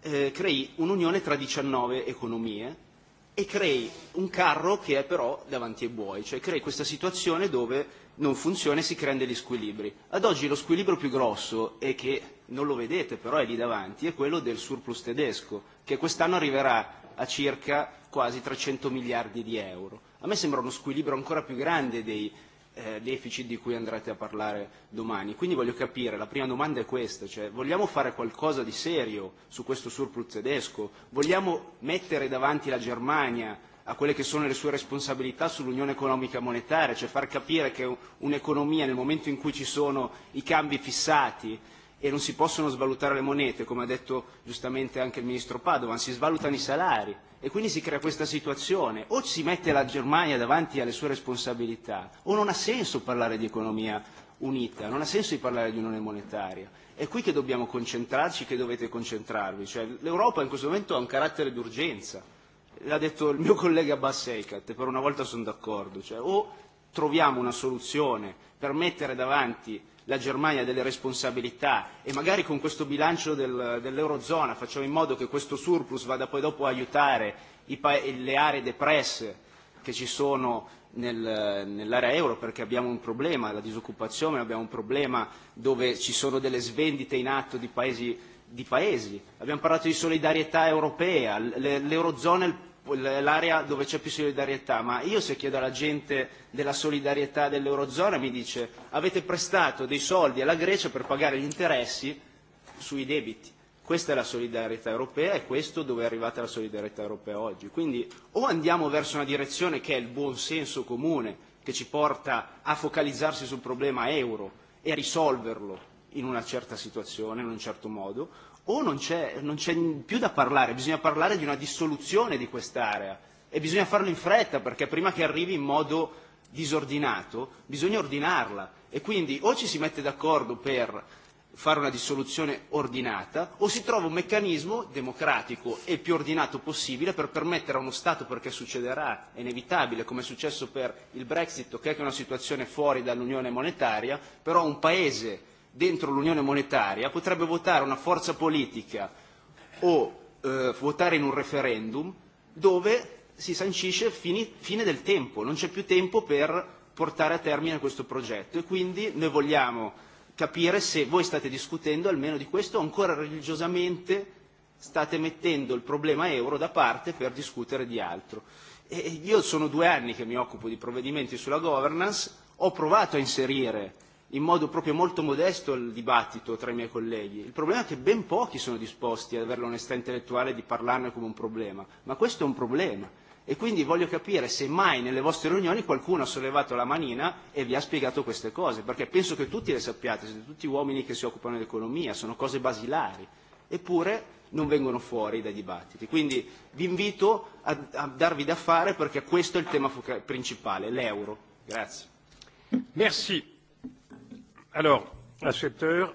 S: eh, crei un'unione tra 19 economie e crei un carro che è però davanti ai buoi, cioè crei questa situazione dove non funziona e si creano degli squilibri. Ad oggi lo squilibrio più grosso e che non lo vedete però è lì davanti è quello del surplus tedesco che quest'anno arriverà a circa quasi 300 miliardi di euro. A me sembra uno squilibrio ancora più grande dei, eh, deficit di cui andrete a parlare domani. Quindi voglio capire, la prima domanda è questa, cioè vogliamo fare qualcosa di serio su questo surplus tedesco? Vogliamo mettere davanti la Germania a quelle che sono le sue responsabilità sull'unione economica monetaria, cioè far capire che un'economia nel momento in cui ci sono i cambi fissati e non si possono svalutare le monete, come ha detto giustamente anche il ministro Padovan, si svalutano i salari e quindi si crea questa situazione. O si mette la Germania davanti alle sue responsabilità, o non ha senso parlare di economia unita, non ha senso di parlare di unione monetaria. È qui che dobbiamo concentrarci, che dovete concentrarvi. Cioè, L'Europa in questo momento ha un carattere d'urgenza. L'ha detto il mio collega Bass Eikat, e per una volta sono d'accordo. Cioè, o troviamo una soluzione per mettere davanti la Germania delle responsabilità e magari con questo bilancio del, dell'Eurozona facciamo in modo che questo surplus vada poi dopo a aiutare i le aree depresse che ci sono nel, nell'area euro perché abbiamo un problema, la disoccupazione, abbiamo un problema dove ci sono delle svendite in atto di paesi di paesi. Abbiamo parlato di solidarietà europea, l'Eurozona è il l'area dove c'è più solidarietà, ma io se chiedo alla gente della solidarietà dell'Eurozona mi dice avete prestato dei soldi alla Grecia per pagare gli interessi sui debiti. Questa è la solidarietà europea e questo dove è arrivata la solidarietà europea oggi. Quindi o andiamo verso una direzione che è il buon senso comune, che ci porta a focalizzarsi sul problema euro e a risolverlo in una certa situazione, in un certo modo, o non c'è, non c'è più da parlare, bisogna parlare di una dissoluzione di quest'area e bisogna farlo in fretta perché prima che arrivi in modo disordinato bisogna ordinarla e quindi o ci si mette d'accordo per fare una dissoluzione ordinata o si trova un meccanismo democratico e più ordinato possibile per permettere a uno Stato, perché succederà, è inevitabile, come è successo per il Brexit, che è una situazione fuori dall'Unione monetaria, però un Paese dentro l'unione monetaria potrebbe votare una forza politica o eh, votare in un referendum dove si sancisce fini, fine del tempo, non c'è più tempo per portare a termine questo progetto e quindi noi vogliamo capire se voi state discutendo almeno di questo o ancora religiosamente state mettendo il problema euro da parte per discutere di altro. E, e io sono due anni che mi occupo di provvedimenti sulla governance, ho provato a inserire in modo proprio molto modesto il dibattito tra i miei colleghi. Il problema è che ben pochi sono disposti ad avere l'onestà intellettuale di parlarne come un problema, ma questo è un problema. E quindi voglio capire se mai nelle vostre riunioni qualcuno ha sollevato la manina e vi ha spiegato queste cose, perché penso che tutti le sappiate, siete tutti uomini che si occupano dell'economia, sono cose basilari, eppure non vengono fuori dai dibattiti. Quindi vi invito a, a darvi da fare perché questo è il tema principale, l'euro. Grazie. Merci. Alors, à cette heure,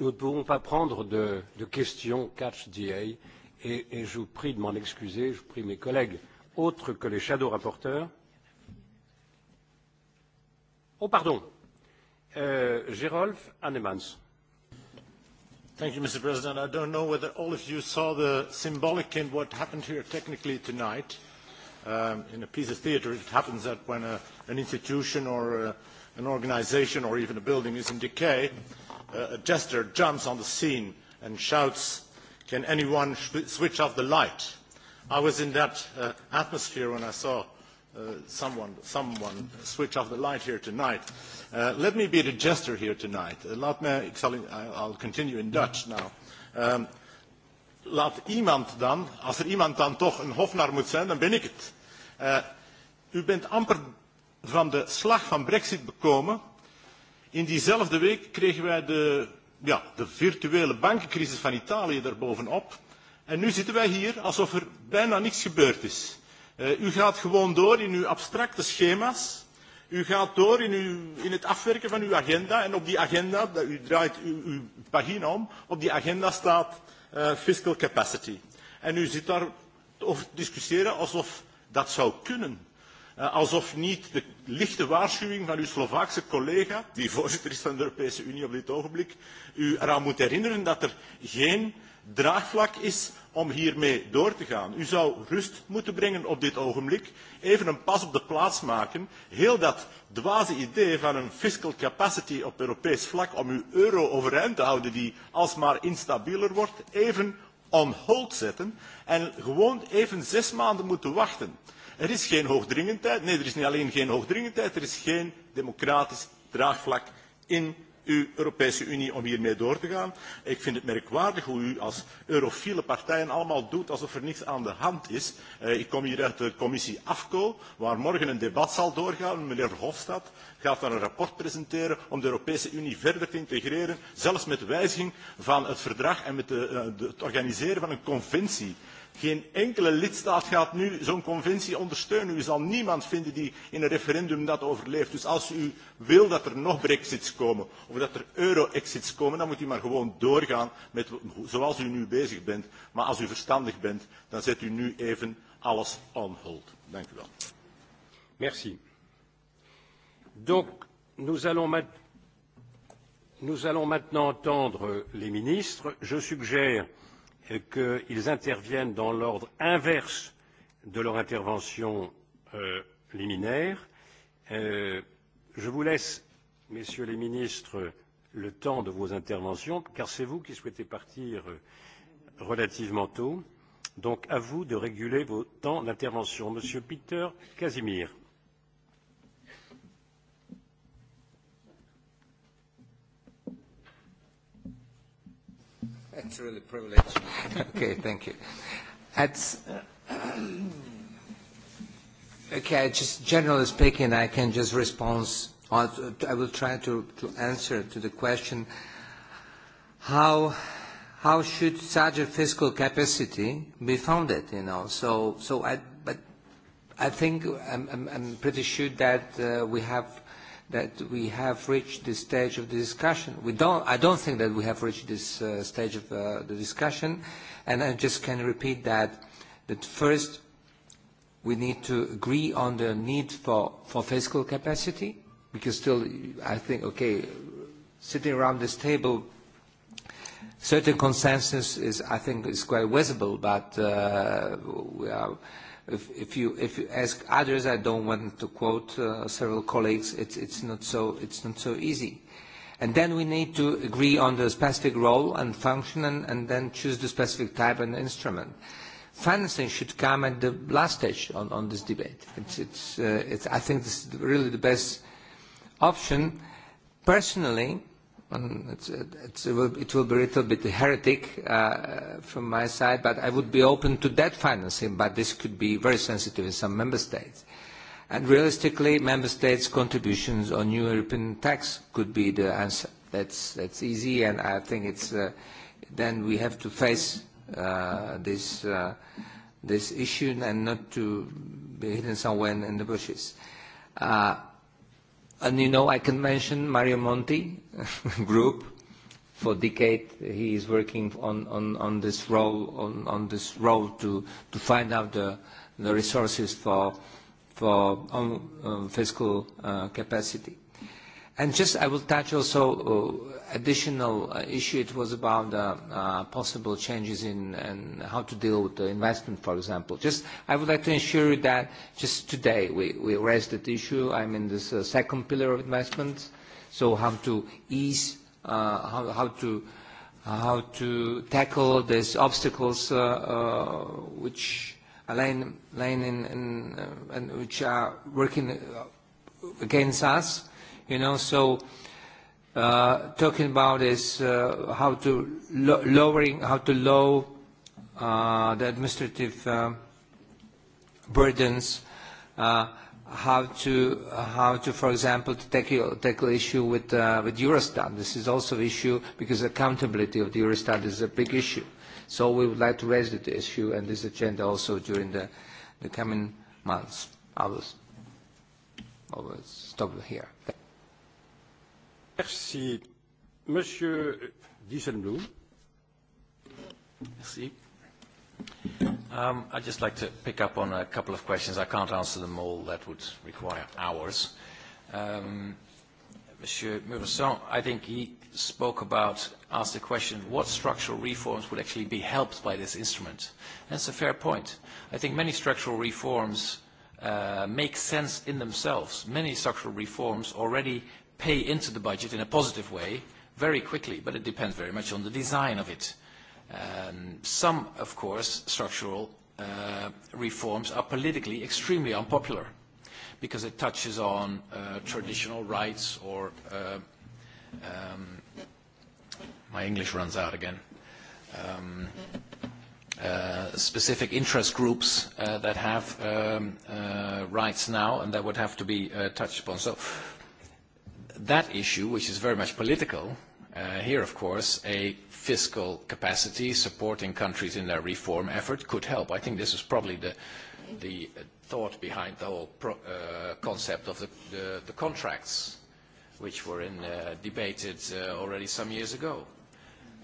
S: nous ne pouvons pas
B: prendre de, de questions catch DA et, et je vous prie de m'en excuser, je prie mes collègues autres que les shadow rapporteurs.
T: Oh, pardon. Euh, Gérolf Annemans. Thank you, Mr. President. I don't know whether all of you saw the symbolic in what happened here technically tonight. Um, in a piece of theater, it happens that when a, an institution or a, an organization or even a building is in decay, uh, a jester jumps on the scene and shouts, can anyone switch off the light? I was in that uh, atmosphere when I saw uh, someone, someone switch off the light here tonight. Uh, let me be the jester here tonight. Uh, laat me, I'll continue in Dutch now. Um, laat iemand dan, als er iemand dan toch een hofnar moet zijn, dan ben ik het. Uh, u bent amper van de slag van Brexit bekomen. In diezelfde week kregen wij de, ja, de virtuele bankencrisis van Italië daarbovenop. En nu zitten wij hier alsof er bijna niks gebeurd is. Uh, u gaat gewoon door in uw abstracte schema's. U gaat door in, uw, in het afwerken van uw agenda. En op die agenda, u draait uw, uw pagina om, op die agenda staat uh, fiscal capacity. En u zit daar over te discussiëren alsof dat zou kunnen. Eh, alsof niet de lichte waarschuwing van uw Slovaakse collega, die voorzitter is van de Europese Unie op dit ogenblik, u eraan moet herinneren dat er geen draagvlak is om hiermee door te gaan. U zou rust moeten brengen op dit ogenblik, even een pas op de plaats maken. Heel dat dwaze idee van een fiscal capacity op Europees vlak om uw euro overeind te houden die alsmaar instabieler wordt, even on hold zetten en gewoon even zes maanden moeten wachten. Er is geen hoogdringendheid, nee, er is niet alleen geen hoogdringendheid, er is geen democratisch draagvlak in uw Europese Unie om hiermee door te gaan. Ik vind het merkwaardig hoe u als eurofiele partijen allemaal doet alsof er niks aan de hand is. Uh, ik kom hier uit de commissie AFCO, waar morgen een debat zal doorgaan. Meneer Verhofstadt gaat dan een rapport presenteren om de Europese Unie verder te integreren, zelfs met wijziging van het verdrag en met de, uh, de, het organiseren van een conventie Geen enkele lidstaat gaat nu zo'n conventie ondersteunen. U zal niemand vinden die in een referendum dat overleeft. Dus als u wil dat er nog brexits komen of dat er euro-exits komen, dan moet u maar gewoon doorgaan met zoals u nu bezig bent. Maar als u verstandig bent, dan zet u nu even alles on hold. Dank u wel. Merci. Donc,
B: nous allons, ma nous allons maintenant entendre les ministres. Je suggère Euh, qu'ils interviennent dans l'ordre inverse de leur intervention euh, liminaire. Euh, je vous laisse, messieurs les ministres, le temps de vos interventions, car c'est vous qui souhaitez partir euh, relativement tôt. Donc à vous de réguler vos temps d'intervention. Monsieur Peter Casimir.
J: That's really a privilege. okay, thank you. That's, uh, okay, just generally speaking, I can just respond. Uh, I will try to, to answer to the question how how should such a fiscal capacity be founded? You know, so so I but I think I'm I'm, I'm pretty sure that uh, we have that we have reached this stage of the discussion. We don't, I don't think that we have reached this uh, stage of uh, the discussion, and I just can repeat that, that first we need to agree on the need for, for fiscal capacity, because still I think, okay, sitting around this table, certain consensus is, I think, is quite visible, but uh, we are if, if, you, if you ask others, I don't want to quote uh, several colleagues, it's, it's, not so, it's not so easy. And then we need to agree on the specific role and function and, and then choose the specific type and instrument. Financing should come at the last stage on, on this debate. It's, it's, uh, it's, I think this is really the best option. Personally, on, um, it's, it's, it, will, it will be a little bit heretic uh, from my side, but I would be open to that financing, but this could be very sensitive in some member states. And realistically, member states' contributions on new European tax could be the answer. That's, that's easy, and I think it's, uh, then we have to face uh, this, uh, this issue and not to be hidden somewhere in, in the bushes. Uh, And you know, I can mention Mario Monti group. For a decade, he is working on, on, on this role, on, on this role to, to find out the, the resources for, for um, um, fiscal uh, capacity. And just I will touch also uh, additional uh, issue. It was about uh, uh, possible changes in and how to deal with the investment, for example. Just I would like to ensure you that just today we, we raised that issue. I'm in this uh, second pillar of investment, so how to ease, uh, how, how to how to tackle these obstacles uh, uh, which laying, laying in and, uh, and which are working uh, against us You know, so uh, talking about is uh, how to lo lowering, how to low uh, the administrative uh, burdens, uh, how to how to, for example, to tackle tackle issue with uh, with Eurostat. This is also issue because accountability of the Eurostat is a big issue. So we would like to raise the issue and this agenda also during the, the coming months. I will, I will stop here.
B: Merci. Monsieur Dieselblum. Merci.
I: Um, I'd just like to pick up on a couple of questions. I can't answer them all. That would require hours. Um, Monsieur Murasson, I think he spoke about, asked the question, what structural reforms would actually be helped by this instrument? That's a fair point. I think many structural reforms uh, make sense in themselves. Many structural reforms already pay into the budget in a positive way very quickly, but it depends very much on the design of it. Um, some, of course, structural uh, reforms are politically extremely unpopular because it touches on uh, traditional rights or uh, um, my English runs out again. Um, uh, specific interest groups uh, that have um, uh, rights now and that would have to be uh, touched upon. So that issue, which is very much political, uh, here, of course, a fiscal capacity supporting countries in their reform effort could help. I think this is probably the, the thought behind the whole pro, uh, concept of the, the, the contracts, which were in, uh, debated uh, already some years ago.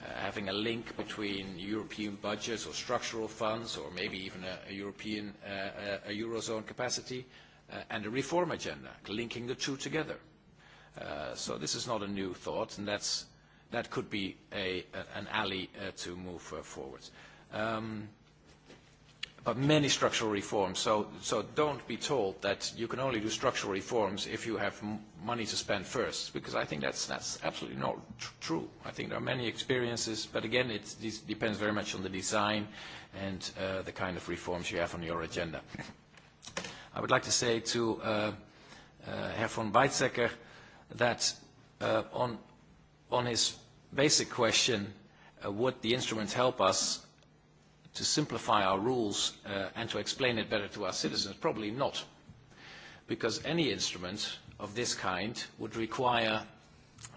I: Uh, having a link between European budgets or structural funds or maybe even a, a European, uh, uh a Eurozone capacity uh, and a reform agenda, linking the two together. Uh, so this is not a new thought, and that's, that could be a, a, an alley uh, to move uh, forward. Um, but many structural reforms, so, so don't be told that you can only do structural reforms if you have m money to spend first, because I think that's, that's absolutely not tr true. I think there are many experiences, but again, it depends very much on the design and uh, the kind of reforms you have on your agenda. I would like to say to uh, uh, Herr von Weizsäcker, that uh, on, on his basic question, uh, would the instrument help us to simplify our rules uh, and to explain it better to our citizens? Probably not, because any instrument of this kind would require,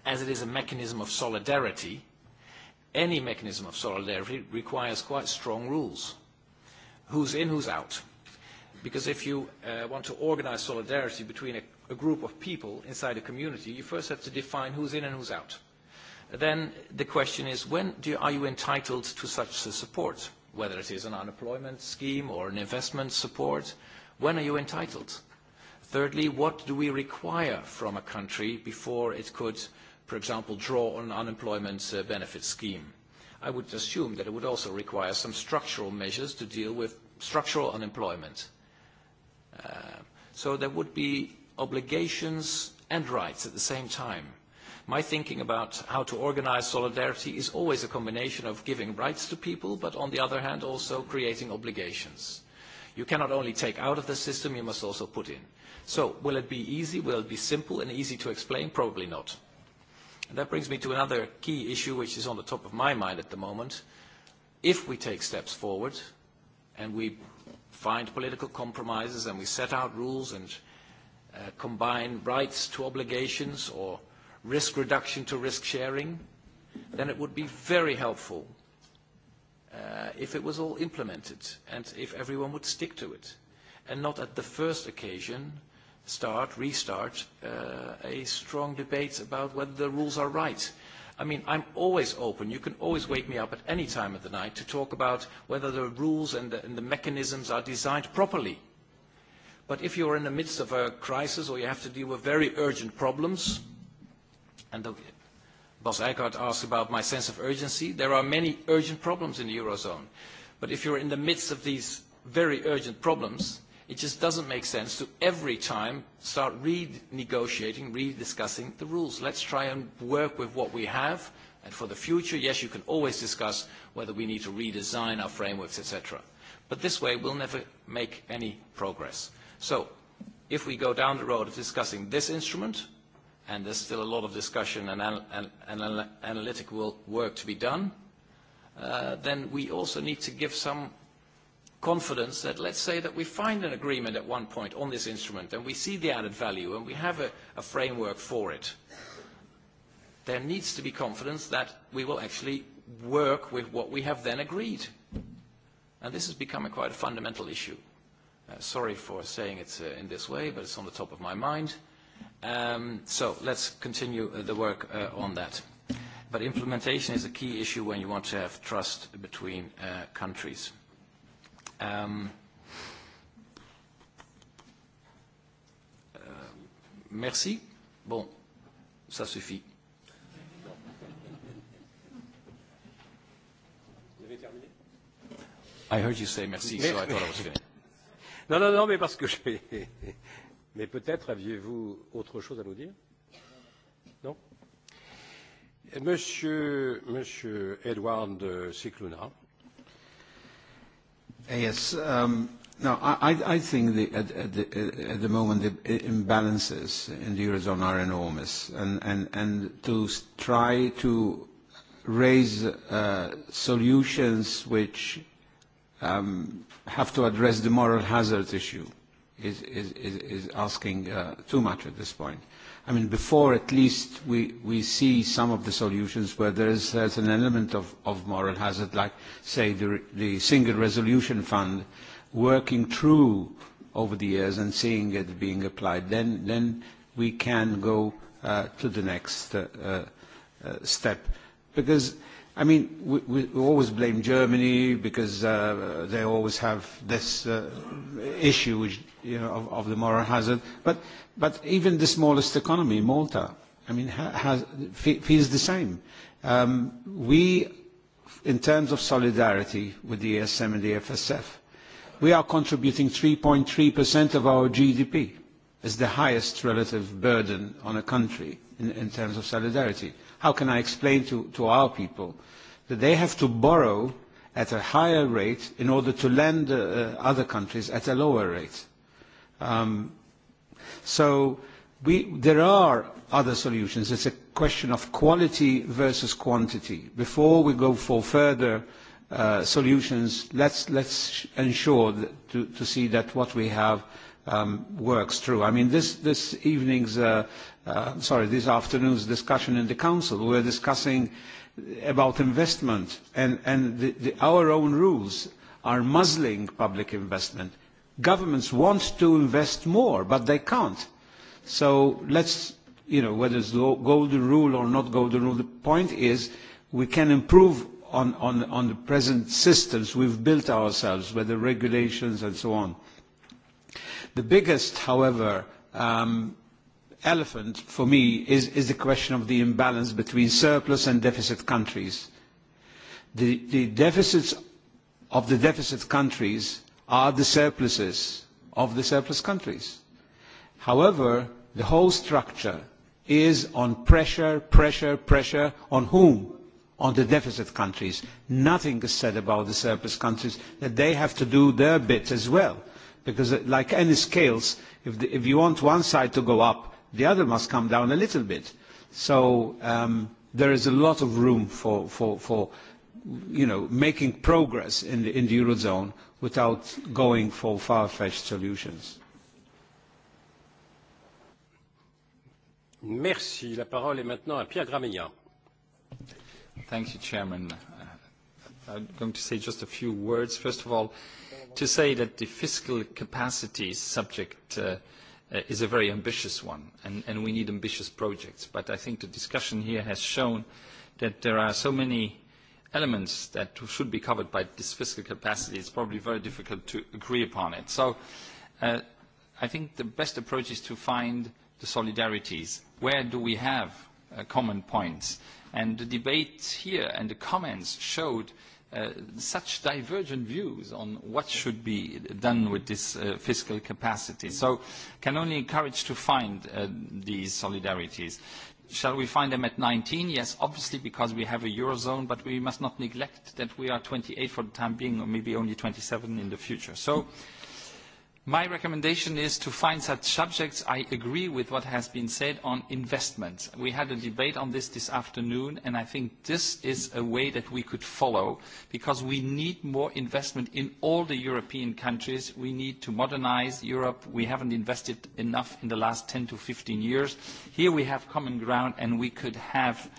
I: as it is a mechanism of solidarity, any mechanism of solidarity requires quite strong rules. Who's in, who's out. Because if you uh, want to organize solidarity between a a group of people inside a community, you first have to define who's in and who's out. Then the question is, when do you, are you entitled to such a support? Whether it is an unemployment scheme or an investment support, when are you entitled? Thirdly, what do we require from a country before it could, for example, draw on an unemployment uh, benefit scheme? I would assume that it would also require some structural measures to deal with structural unemployment. Uh, so there would be obligations and rights at the same time. My thinking about how to organize solidarity is always a combination of giving rights to people, but on the other hand also creating obligations. You cannot only take out of the system, you must also put in. So will it be easy? Will it be simple and easy to explain? Probably not. And that brings me to another key issue which is on the top of my mind at the moment. If we take steps forward and we find political compromises and we set out rules and Uh, combine rights to obligations or risk reduction to risk sharing, then it would be very helpful uh, if it was all implemented and if everyone would stick to it and not at the first occasion start, restart uh, a strong debate about whether the rules are right. I mean, I'm always open. You can always wake me up at any time of the night to talk about whether the rules and the, and the mechanisms are designed properly. But if you're in the midst of a crisis or you have to deal with very urgent problems, and the, Boss Eckhart asked about my sense of urgency, there are many urgent problems in the Eurozone. But if you're in the midst of these very urgent problems, it just doesn't make sense to every time start renegotiating, rediscussing the rules. Let's try and work with what we have. And for the future, yes, you can always discuss whether we need to redesign our frameworks, etc. But this way, we'll never make any progress. So if we go down the road of discussing this instrument, and there's still a lot of discussion and, anal and, and analytical work to be done, uh, then we also need to give some confidence that let's say that we find an agreement at one point on this instrument and we see the added value and we have a, a framework for it. There needs to be confidence that we will actually work with what we have then agreed. And this has become a quite a fundamental issue. Uh, sorry for saying it uh, in this way, but it's on the top of my mind. Um, so let's continue uh, the work uh, on that. But implementation is a key issue when you want to have trust between uh, countries. Um, uh, merci. Bon, ça suffit. I heard you say merci, so I thought I was finished.
B: Non, non, non, mais parce que je... mais peut-être aviez-vous autre chose à nous dire Non Monsieur, Monsieur Edward Cicluna.
H: Uh, yes, um, now, I, I think the, at, at, the, at the moment the imbalances in the Eurozone are enormous and, and, and to try to raise uh, solutions which um, have to address the moral hazard issue is, is, is, is asking uh, too much at this point. I mean, before at least we, we see some of the solutions where there is there's an element of, of moral hazard, like, say, the, the Single Resolution Fund working through over the years and seeing it being applied, then, then we can go uh, to the next uh, uh, step. Because I mean, we, we always blame Germany because uh, they always have this uh, issue which, you know, of, of the moral hazard. But, but even the smallest economy, Malta, I mean, ha, has, feels the same. Um, we, in terms of solidarity with the ESM and the FSF, we are contributing 3.3% of our GDP as the highest relative burden on a country in, in terms of solidarity how can I explain to, to our people that they have to borrow at a higher rate in order to lend uh, uh, other countries at a lower rate? Um, so we, there are other solutions. It's a question of quality versus quantity. Before we go for further uh, solutions, let's, let's ensure that to, to see that what we have – um, works through. I mean, this, this evening's, uh, uh, sorry, this afternoon's discussion in the Council, we we're discussing about investment and, and the, the, our own rules are muzzling public investment. Governments want to invest more, but they can't. So let's, you know, whether it's the golden rule or not golden rule, the point is we can improve on, on, on the present systems we've built ourselves, whether regulations and so on. The biggest, however, um, elephant for me is, is the question of the imbalance between surplus and deficit countries. The, the deficits of the deficit countries are the surpluses of the surplus countries. However, the whole structure is on pressure, pressure, pressure on whom? On the deficit countries. Nothing is said about the surplus countries that they have to do their bit as well because uh, like any scales, if, the, if you want one side to go up, the other must come down a little bit. So um, there is a lot of room for, for, for you know, making progress in the, in the Eurozone without going for far-fetched solutions.
B: Merci. La parole est maintenant à Pierre Gramignan.
G: Thank you, Chairman. Uh, I'm going to say just a few words. First of all, to say that the fiscal capacity subject uh, uh, is a very ambitious one, and, and we need ambitious projects. But I think the discussion here has shown that there are so many elements that should be covered by this fiscal capacity, it's probably very difficult to agree upon it. So uh, I think the best approach is to find the solidarities. Where do we have uh, common points? And the debate here and the comments showed uh, such divergent views on what should be done with this uh, fiscal capacity. So can only encourage to find uh, these solidarities. Shall we find them at 19? Yes, obviously, because we have a eurozone, but we must not neglect that we are 28 for the time being, or maybe only 27 in the future. So My recommendation is to find such subjects. I agree with what has been said on investment. We had a debate on this this afternoon, and I think this is a way that we could follow because we need more investment in all the European countries. We need to modernize Europe. We haven't invested enough in the last 10 to 15 years. Here we have common ground, and we could have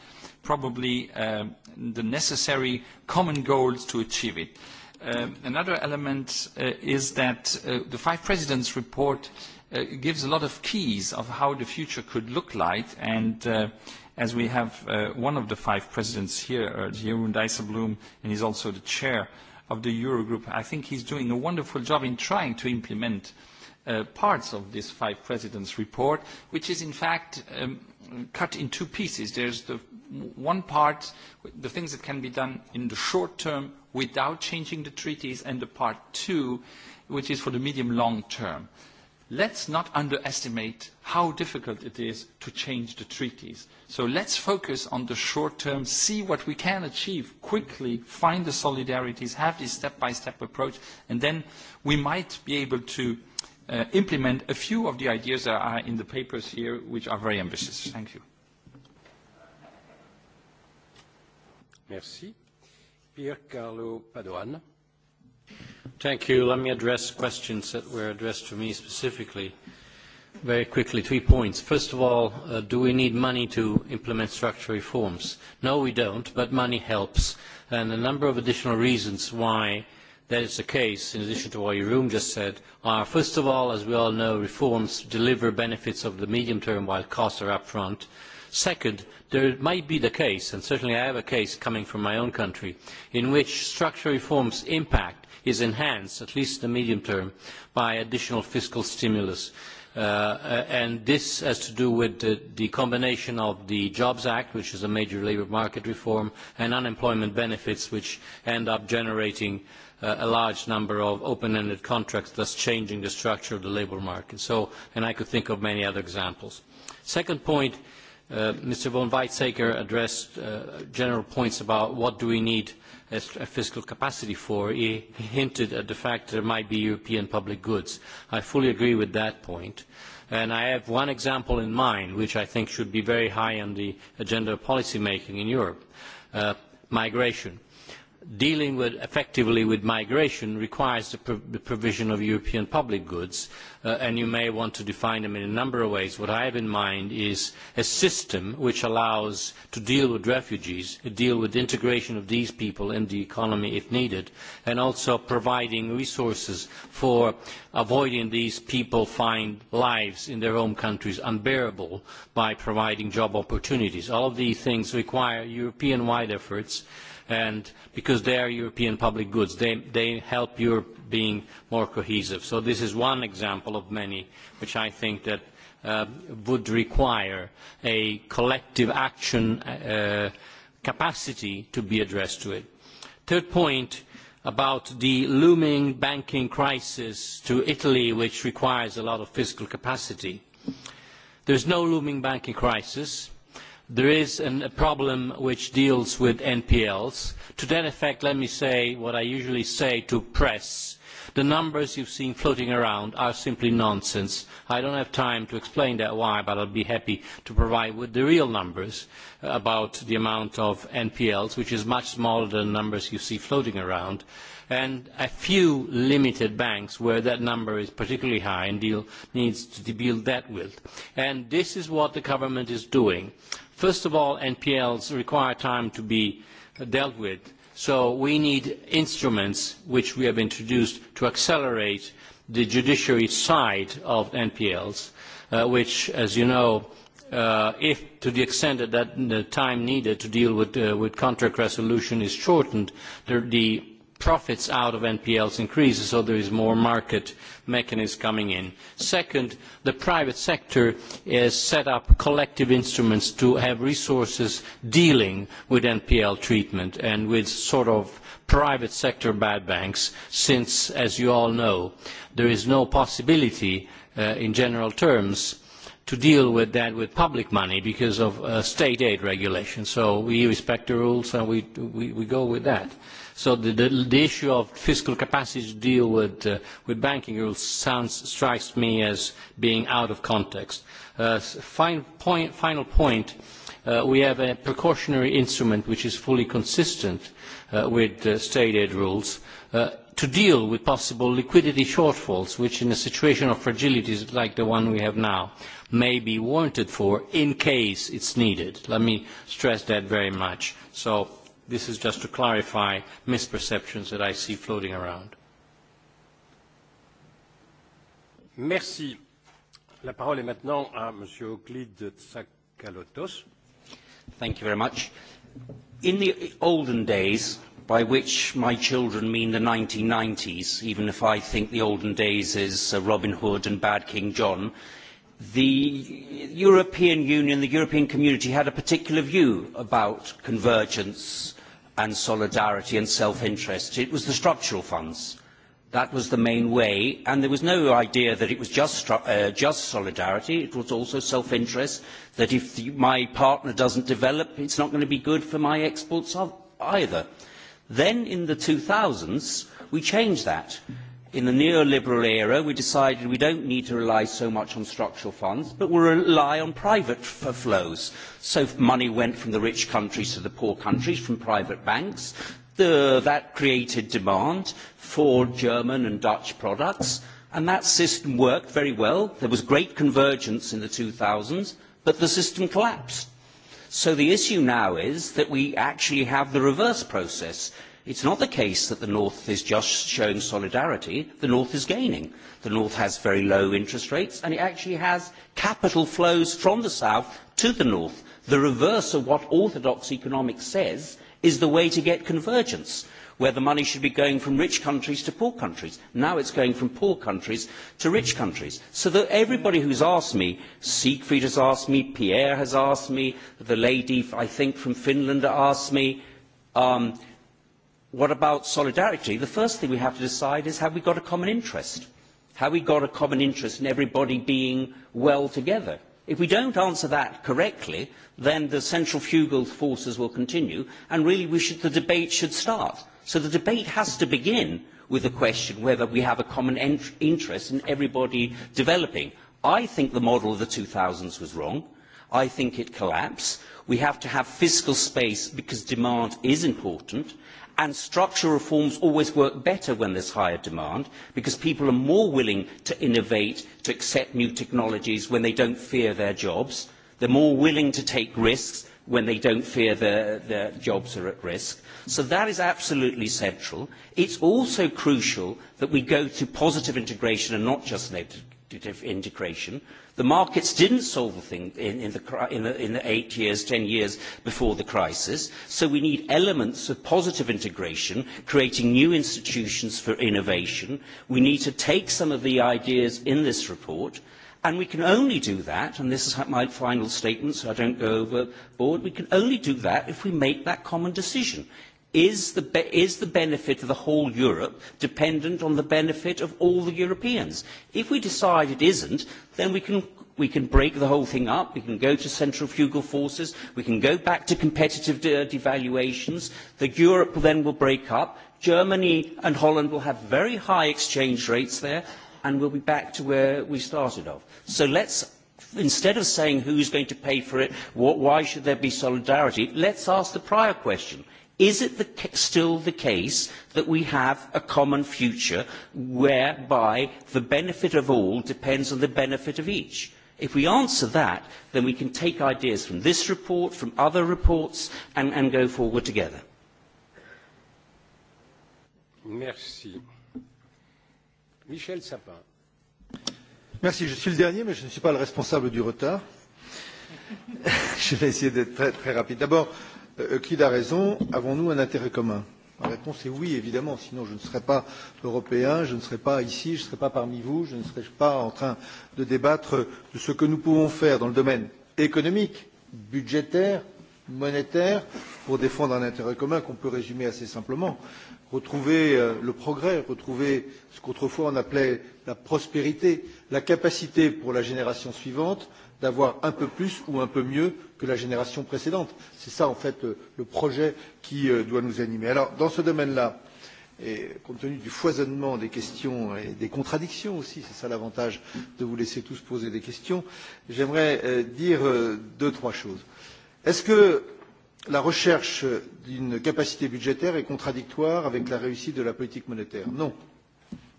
G: probably uh, the necessary common goals to achieve it. Uh, another element uh, is that uh, the five presidents report uh, gives a lot of keys of how the future could look like and uh, as we have uh, one of the five presidents here, uh, Jeroen Dijsselbloem, and he's also the chair of the Eurogroup, I think he's doing a wonderful job in trying to implement uh, parts of this five presidents report, which is in fact um, cut in two pieces. There's the one part, the things that can be done in the short term without changing the treaties, and the part two, which is for the medium-long term. Let's not underestimate how difficult it is to change the treaties. So let's focus on the short term, see what we can achieve quickly, find the solidarities, have this step-by-step -step approach, and then we might be able to uh, implement a few of the ideas that are in the papers here, which are very ambitious. Thank you. Merci.
B: Pierre
F: Carlo Padoan. Thank you. Let me address questions that were addressed to me specifically. Very quickly, three points. First of all, uh, do we need money to implement structural reforms? No, we don't, but money helps. And a number of additional reasons why that is the case, in addition to what Jeroen just said, are, first of all, as we all know, reforms deliver benefits of the medium term while costs are upfront. front. Second, there might be the case, and certainly I have a case coming from my own country, in which structural reforms impact is enhanced, at least in the medium term, by additional fiscal stimulus. Uh, uh and this has to do with the, the combination of the Jobs Act, which is a major labour market reform, and unemployment benefits, which end up generating uh, a large number of open-ended contracts, thus changing the structure of the labour market. So, and I could think of many other examples. Second point Uh, Mr. von Weizsäcker addressed uh, general points about what do we need a fiscal capacity for. He hinted at the fact that there might be European public goods. I fully agree with that point. And I have one example in mind, which I think should be very high on the agenda of policy making in Europe, uh, migration dealing with, effectively with migration requires the, pro the provision of European public goods, uh, and you may want to define them in a number of ways. What I have in mind is a system which allows to deal with refugees, deal with integration of these people in the economy if needed, and also providing resources for avoiding these people find lives in their home countries unbearable by providing job opportunities. All of these things require European-wide efforts and because they are European public goods, they, they help Europe being more cohesive. So this is one example of many, which I think that uh, would require a collective action uh, capacity to be addressed to it. Third point, about the looming banking crisis to Italy, which requires a lot of fiscal capacity. There is no looming banking crisis. There is an, a problem which deals with NPLs. To that effect, let me say what I usually say to press. The numbers you've seen floating around are simply nonsense. I don't have time to explain that why, but I'll be happy to provide with the real numbers about the amount of NPLs, which is much smaller than the numbers you see floating around. And a few limited banks where that number is particularly high and deal, needs to be dealt with. And this is what the government is doing. First of all, NPLs require time to be dealt with. So we need instruments which we have introduced to accelerate the judiciary side of NPLs, uh, which, as you know, uh, if to the extent that, that the uh, time needed to deal with, uh, with contract resolution is shortened, the, the profits out of NPLs increases, so there is more market mechanism coming in. Second, the private sector has set up collective instruments to have resources dealing with NPL treatment and with sort of private sector bad banks, since, as you all know, there is no possibility uh, in general terms to deal with that with public money because of uh, state aid regulation. So we respect the rules and we, we, we go with that. So the, the, the issue of fiscal capacity to deal with, uh, with banking rules sounds, strikes me as being out of context. Uh, fine point, final point, uh, we have a precautionary instrument which is fully consistent uh, with uh, state aid rules. Uh, to deal with possible liquidity shortfalls, which in a situation of fragilities like the one we have now may be warranted for in case it's needed. Let me stress that very much. So This is just to clarify misperceptions that I see floating around.
B: Merci. La parole est maintenant à Monsieur Euclide Tsakalotos.
E: Thank you very much. In the olden days, by which my children mean the 1990s, even if I think the olden days is uh, Robin Hood and Bad King John, the European Union, the European community had a particular view about convergence and solidarity and self-interest. It was the structural funds. That was the main way, and there was no idea that it was just, uh, just solidarity. It was also self-interest, that if the, my partner doesn't develop, it's not going to be good for my exports either. Then in the 2000s, we changed that in the neoliberal era, we decided we don't need to rely so much on structural funds, but we rely on private flows. So money went from the rich countries to the poor countries from private banks. The, that created demand for German and Dutch products, and that system worked very well. There was great convergence in the 2000s, but the system collapsed. So the issue now is that we actually have the reverse process It's not the case that the North is just showing solidarity. The North is gaining. The North has very low interest rates, and it actually has capital flows from the South to the North. The reverse of what orthodox economics says is the way to get convergence, where the money should be going from rich countries to poor countries. Now it's going from poor countries to rich countries. So that everybody who's asked me, Siegfried has asked me, Pierre has asked me, the lady, I think, from Finland asked me, um, what about solidarity? The first thing we have to decide is have we got a common interest? Have we got a common interest in everybody being well together? If we don't answer that correctly, then the centrifugal forces will continue, and really we should, the debate should start. So the debate has to begin with the question whether we have a common interest in everybody developing. I think the model of the 2000s was wrong. I think it collapsed. We have to have fiscal space because demand is important And structural reforms always work better when there is higher demand because people are more willing to innovate, to accept new technologies when they do not fear their jobs. They are more willing to take risks when they do not fear their, their jobs are at risk. So that is absolutely central. It is also crucial that we go to positive integration and not just negative competitive integration. The markets didn't solve the thing in, in, the, in, the, in the eight years, ten years before the crisis, so we need elements of positive integration, creating new institutions for innovation. We need to take some of the ideas in this report, and we can only do that, and this is my final statement so I don't go overboard, we can only do that if we make that common decision Is the, be is the benefit of the whole Europe dependent on the benefit of all the Europeans? If we decide it isn't, then we can we can break the whole thing up, we can go to centrifugal forces, we can go back to competitive de devaluations, the Europe then will break up, Germany and Holland will have very high exchange rates there, and we'll be back to where we started off. So let's, instead of saying who's going to pay for it, what, why should there be solidarity, let's ask the prior question. Is it the, still the case that we have a common future whereby the benefit of all depends on the benefit of each? If we answer that, then we can take ideas from this report, from other reports, and, and go forward together.
B: Merci. Michel Sapin.
D: Merci, je suis le dernier, mais je ne suis pas le responsable du retard. je vais essayer d'être très, très rapide. D'abord, euh, euh, qui a raison Avons-nous un intérêt commun La réponse est oui, évidemment, sinon je ne serais pas européen, je ne serais pas ici, je ne serais pas parmi vous, je ne serais pas en train de débattre de ce que nous pouvons faire dans le domaine économique, budgétaire, monétaire, pour défendre un intérêt commun qu'on peut résumer assez simplement. Retrouver euh, le progrès, retrouver ce qu'autrefois on appelait la prospérité, la capacité pour la génération suivante d'avoir un peu plus ou un peu mieux que la génération précédente. C'est ça, en fait, euh, le projet qui euh, doit nous animer. Alors, dans ce domaine-là, et compte tenu du foisonnement des questions et des contradictions aussi, c'est ça l'avantage de vous laisser tous poser des questions, j'aimerais euh, dire deux, trois choses. Est-ce que la recherche d'une capacité budgétaire est contradictoire avec la réussite de la politique monétaire Non.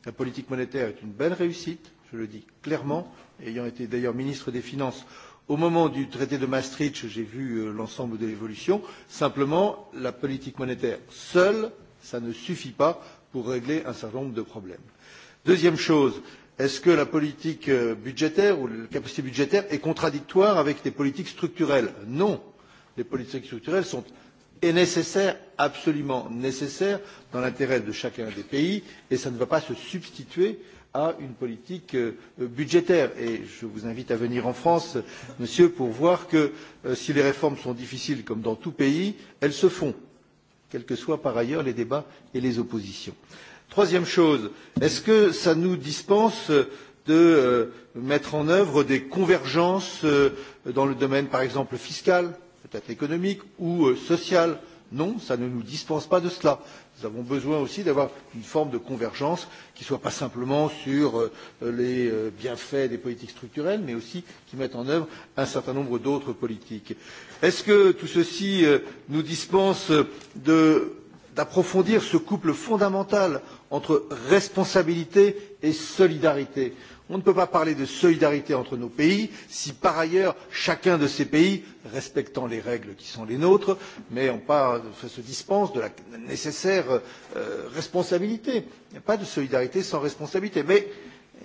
D: La politique monétaire est une belle réussite je le dis clairement, ayant été d'ailleurs ministre des Finances au moment du traité de Maastricht, j'ai vu euh, l'ensemble de l'évolution. Simplement, la politique monétaire seule, ça ne suffit pas pour régler un certain nombre de problèmes. Deuxième chose, est-ce que la politique euh, budgétaire ou la capacité budgétaire est contradictoire avec les politiques structurelles Non. Les politiques structurelles sont est nécessaire, absolument nécessaire, dans l'intérêt de chacun des pays, et ça ne va pas se substituer euh, à une politique euh, budgétaire. Et je vous invite à venir en France, monsieur, pour voir que euh, si les réformes sont difficiles, comme dans tout pays, elles se font, quels que soient par ailleurs les débats et les oppositions. Troisième chose, est-ce que ça nous dispense de euh, mettre en œuvre des convergences dans le domaine, par exemple, fiscal, peut-être économique ou social Non, ça ne nous dispense pas de cela. Nous avons besoin aussi d'avoir une forme de convergence qui ne soit pas simplement sur euh, les euh, bienfaits des politiques structurelles, mais aussi qui mette en œuvre un certain nombre d'autres politiques. Est-ce que tout ceci euh, nous dispense d'approfondir ce couple fondamental entre responsabilité et solidarité On ne peut pas parler de solidarité entre nos pays si par ailleurs chacun de ces pays, respectant les règles qui sont les nôtres, mais on parle, se dispense de la nécessaire euh, responsabilité. Il n'y a pas de solidarité sans responsabilité. Mais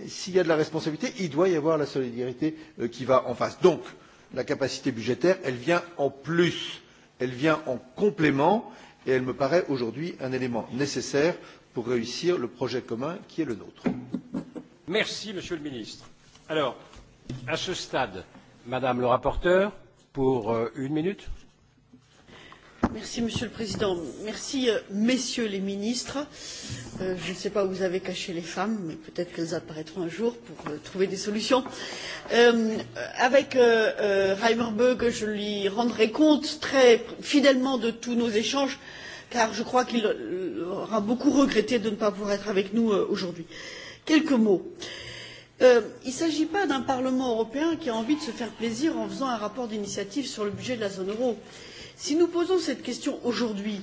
D: s'il y a de la responsabilité, il doit y avoir la solidarité euh, qui va en face. Donc, la capacité budgétaire, elle vient en plus, elle vient en complément, et elle me paraît aujourd'hui un élément nécessaire pour réussir le projet commun qui est le nôtre.
B: Merci, Monsieur le Ministre. Alors, à ce stade, Madame le rapporteur, pour euh, une
C: minute. Merci, Monsieur le Président. Merci, euh, Messieurs les ministres. Euh, je ne sais pas où vous avez caché les femmes, mais peut-être qu'elles apparaîtront un jour pour euh, trouver des solutions. Euh, avec euh, euh, je lui rendrai compte très fidèlement de tous nos échanges, car je crois qu'il euh, aura beaucoup regretté de ne pas pouvoir être avec nous euh, aujourd'hui. Euh, Quelques mots. Euh, il ne s'agit pas d'un Parlement européen qui a envie de se faire plaisir en faisant un rapport d'initiative sur le budget de la zone euro. Si nous posons cette question aujourd'hui,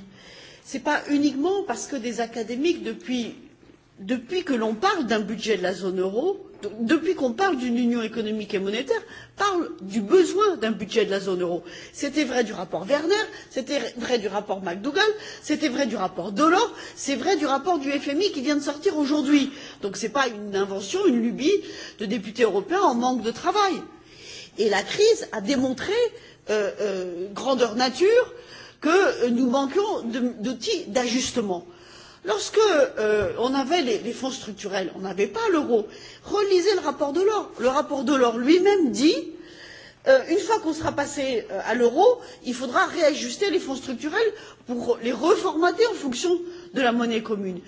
C: ce n'est pas uniquement parce que des académiques, depuis, depuis que l'on parle d'un budget de la zone euro, depuis qu'on parle d'une union économique et monétaire, parle du besoin d'un budget de la zone euro. C'était vrai du rapport Werner, c'était vrai du rapport McDougall, c'était vrai du rapport Delors, c'est vrai du rapport du FMI qui vient de sortir aujourd'hui. Donc ce n'est pas une invention, une lubie de députés européens en manque de travail. Et la crise a démontré euh, euh, grandeur nature que euh, nous manquions d'outils d'ajustement. Lorsque euh, on avait les, les fonds structurels, on n'avait pas l'euro. Relisez le rapport de l'or. Le rapport de l'or lui-même dit euh, une fois qu'on sera passé euh, à l'euro, il faudra réajuster les fonds structurels pour les reformater en fonction de la monnaie commune.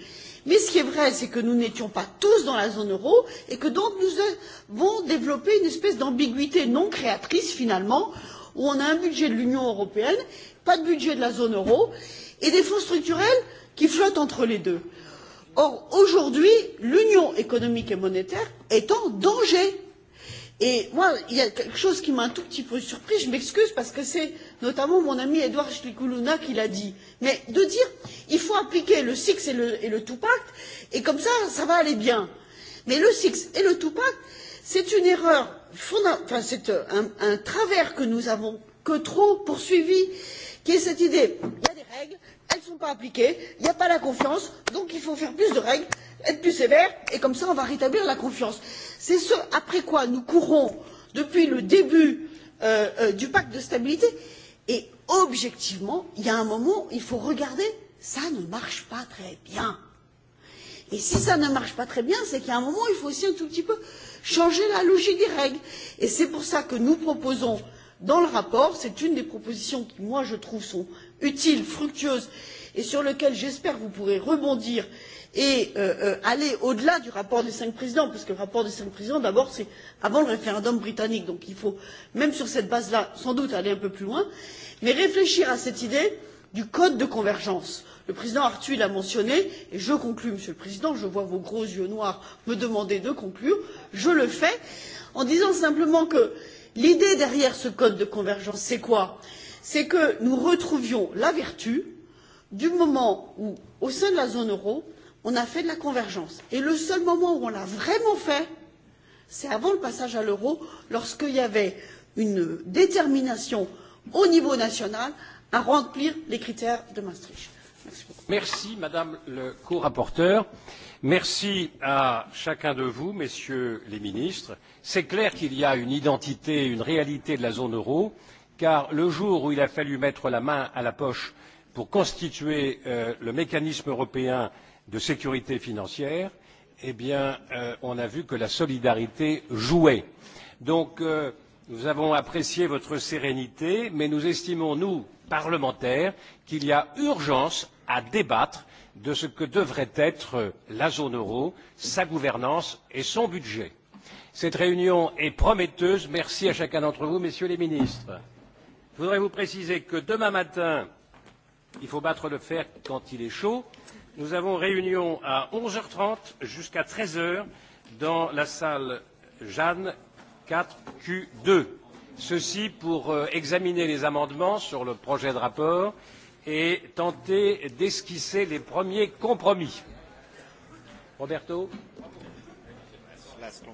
C: Mais ce qui est vrai, c'est que nous n'étions pas tous dans la zone euro et que donc nous avons développé une espèce d'ambiguïté non créatrice finalement, où on a un budget de l'Union européenne, pas de budget de la zone euro, et des fonds structurels qui flottent entre les deux. Or, aujourd'hui, l'union économique et monétaire est en danger. Et moi, il y a quelque chose qui m'a un tout petit peu surpris, je m'excuse parce que c'est notamment mon ami Edouard Schlikuluna qui l'a dit. Mais de dire, il faut appliquer le SIX et le, et le two Pact, et comme ça, ça va aller bien. Mais le SIX et le two Pact, c'est une erreur, enfin, c'est euh, un, un travers que nous avons que trop poursuivi, qui est cette idée. Il y a des règles, elles ne sont pas appliquées, il n'y a pas la confiance, donc il faut faire plus de règles, être plus sévère, et comme ça on va rétablir la confiance. C'est ce après quoi nous courons depuis le début euh, euh, du pacte de stabilité, et objectivement, il y a un moment, il faut regarder, ça ne marche pas très bien. Et si ça ne marche pas très bien, c'est qu'à un moment, il faut aussi un tout petit peu changer la logique des règles. Et c'est pour ça que nous proposons dans le rapport, c'est une des propositions qui, moi, je trouve sont utile, fructueuse et sur lequel j'espère vous pourrez rebondir et euh, euh, aller au-delà du rapport des cinq présidents, parce que le rapport des cinq présidents, d'abord, c'est avant le référendum britannique. Donc il faut, même sur cette base-là, sans doute aller un peu plus loin, mais réfléchir à cette idée du code de convergence. Le président Arthuis l'a mentionné, et je conclue, Monsieur le Président, je vois vos gros yeux noirs me demander de conclure, je le fais, en disant simplement que l'idée derrière ce code de convergence, c'est quoi c'est que nous retrouvions la vertu du moment où, au sein de la zone euro, on a fait de la convergence. Et le seul moment où on l'a vraiment fait, c'est avant le passage à l'euro, lorsqu'il y avait une détermination au niveau national à remplir les critères de Maastricht. Merci, beaucoup.
B: Merci Madame le co-rapporteur. Merci à chacun de vous, messieurs les ministres. C'est clair qu'il y a une identité, une réalité de la zone euro car le jour où il a fallu mettre la main à la poche pour constituer euh, le mécanisme européen de sécurité financière, eh bien, euh, on a vu que la solidarité jouait. Donc, euh, nous avons apprécié votre sérénité, mais nous estimons, nous, parlementaires, qu'il y a urgence à débattre de ce que devrait être la zone euro, sa gouvernance et son budget. Cette réunion est prometteuse. Merci à chacun d'entre vous, messieurs les ministres voudrais vous préciser que demain matin, il faut battre le fer quand il est chaud. Nous avons réunion à 11h30 jusqu'à 13h dans la salle Jeanne 4Q2. Ceci pour euh, examiner les amendements sur le projet de rapport et tenter d'esquisser les premiers compromis. Roberto. Last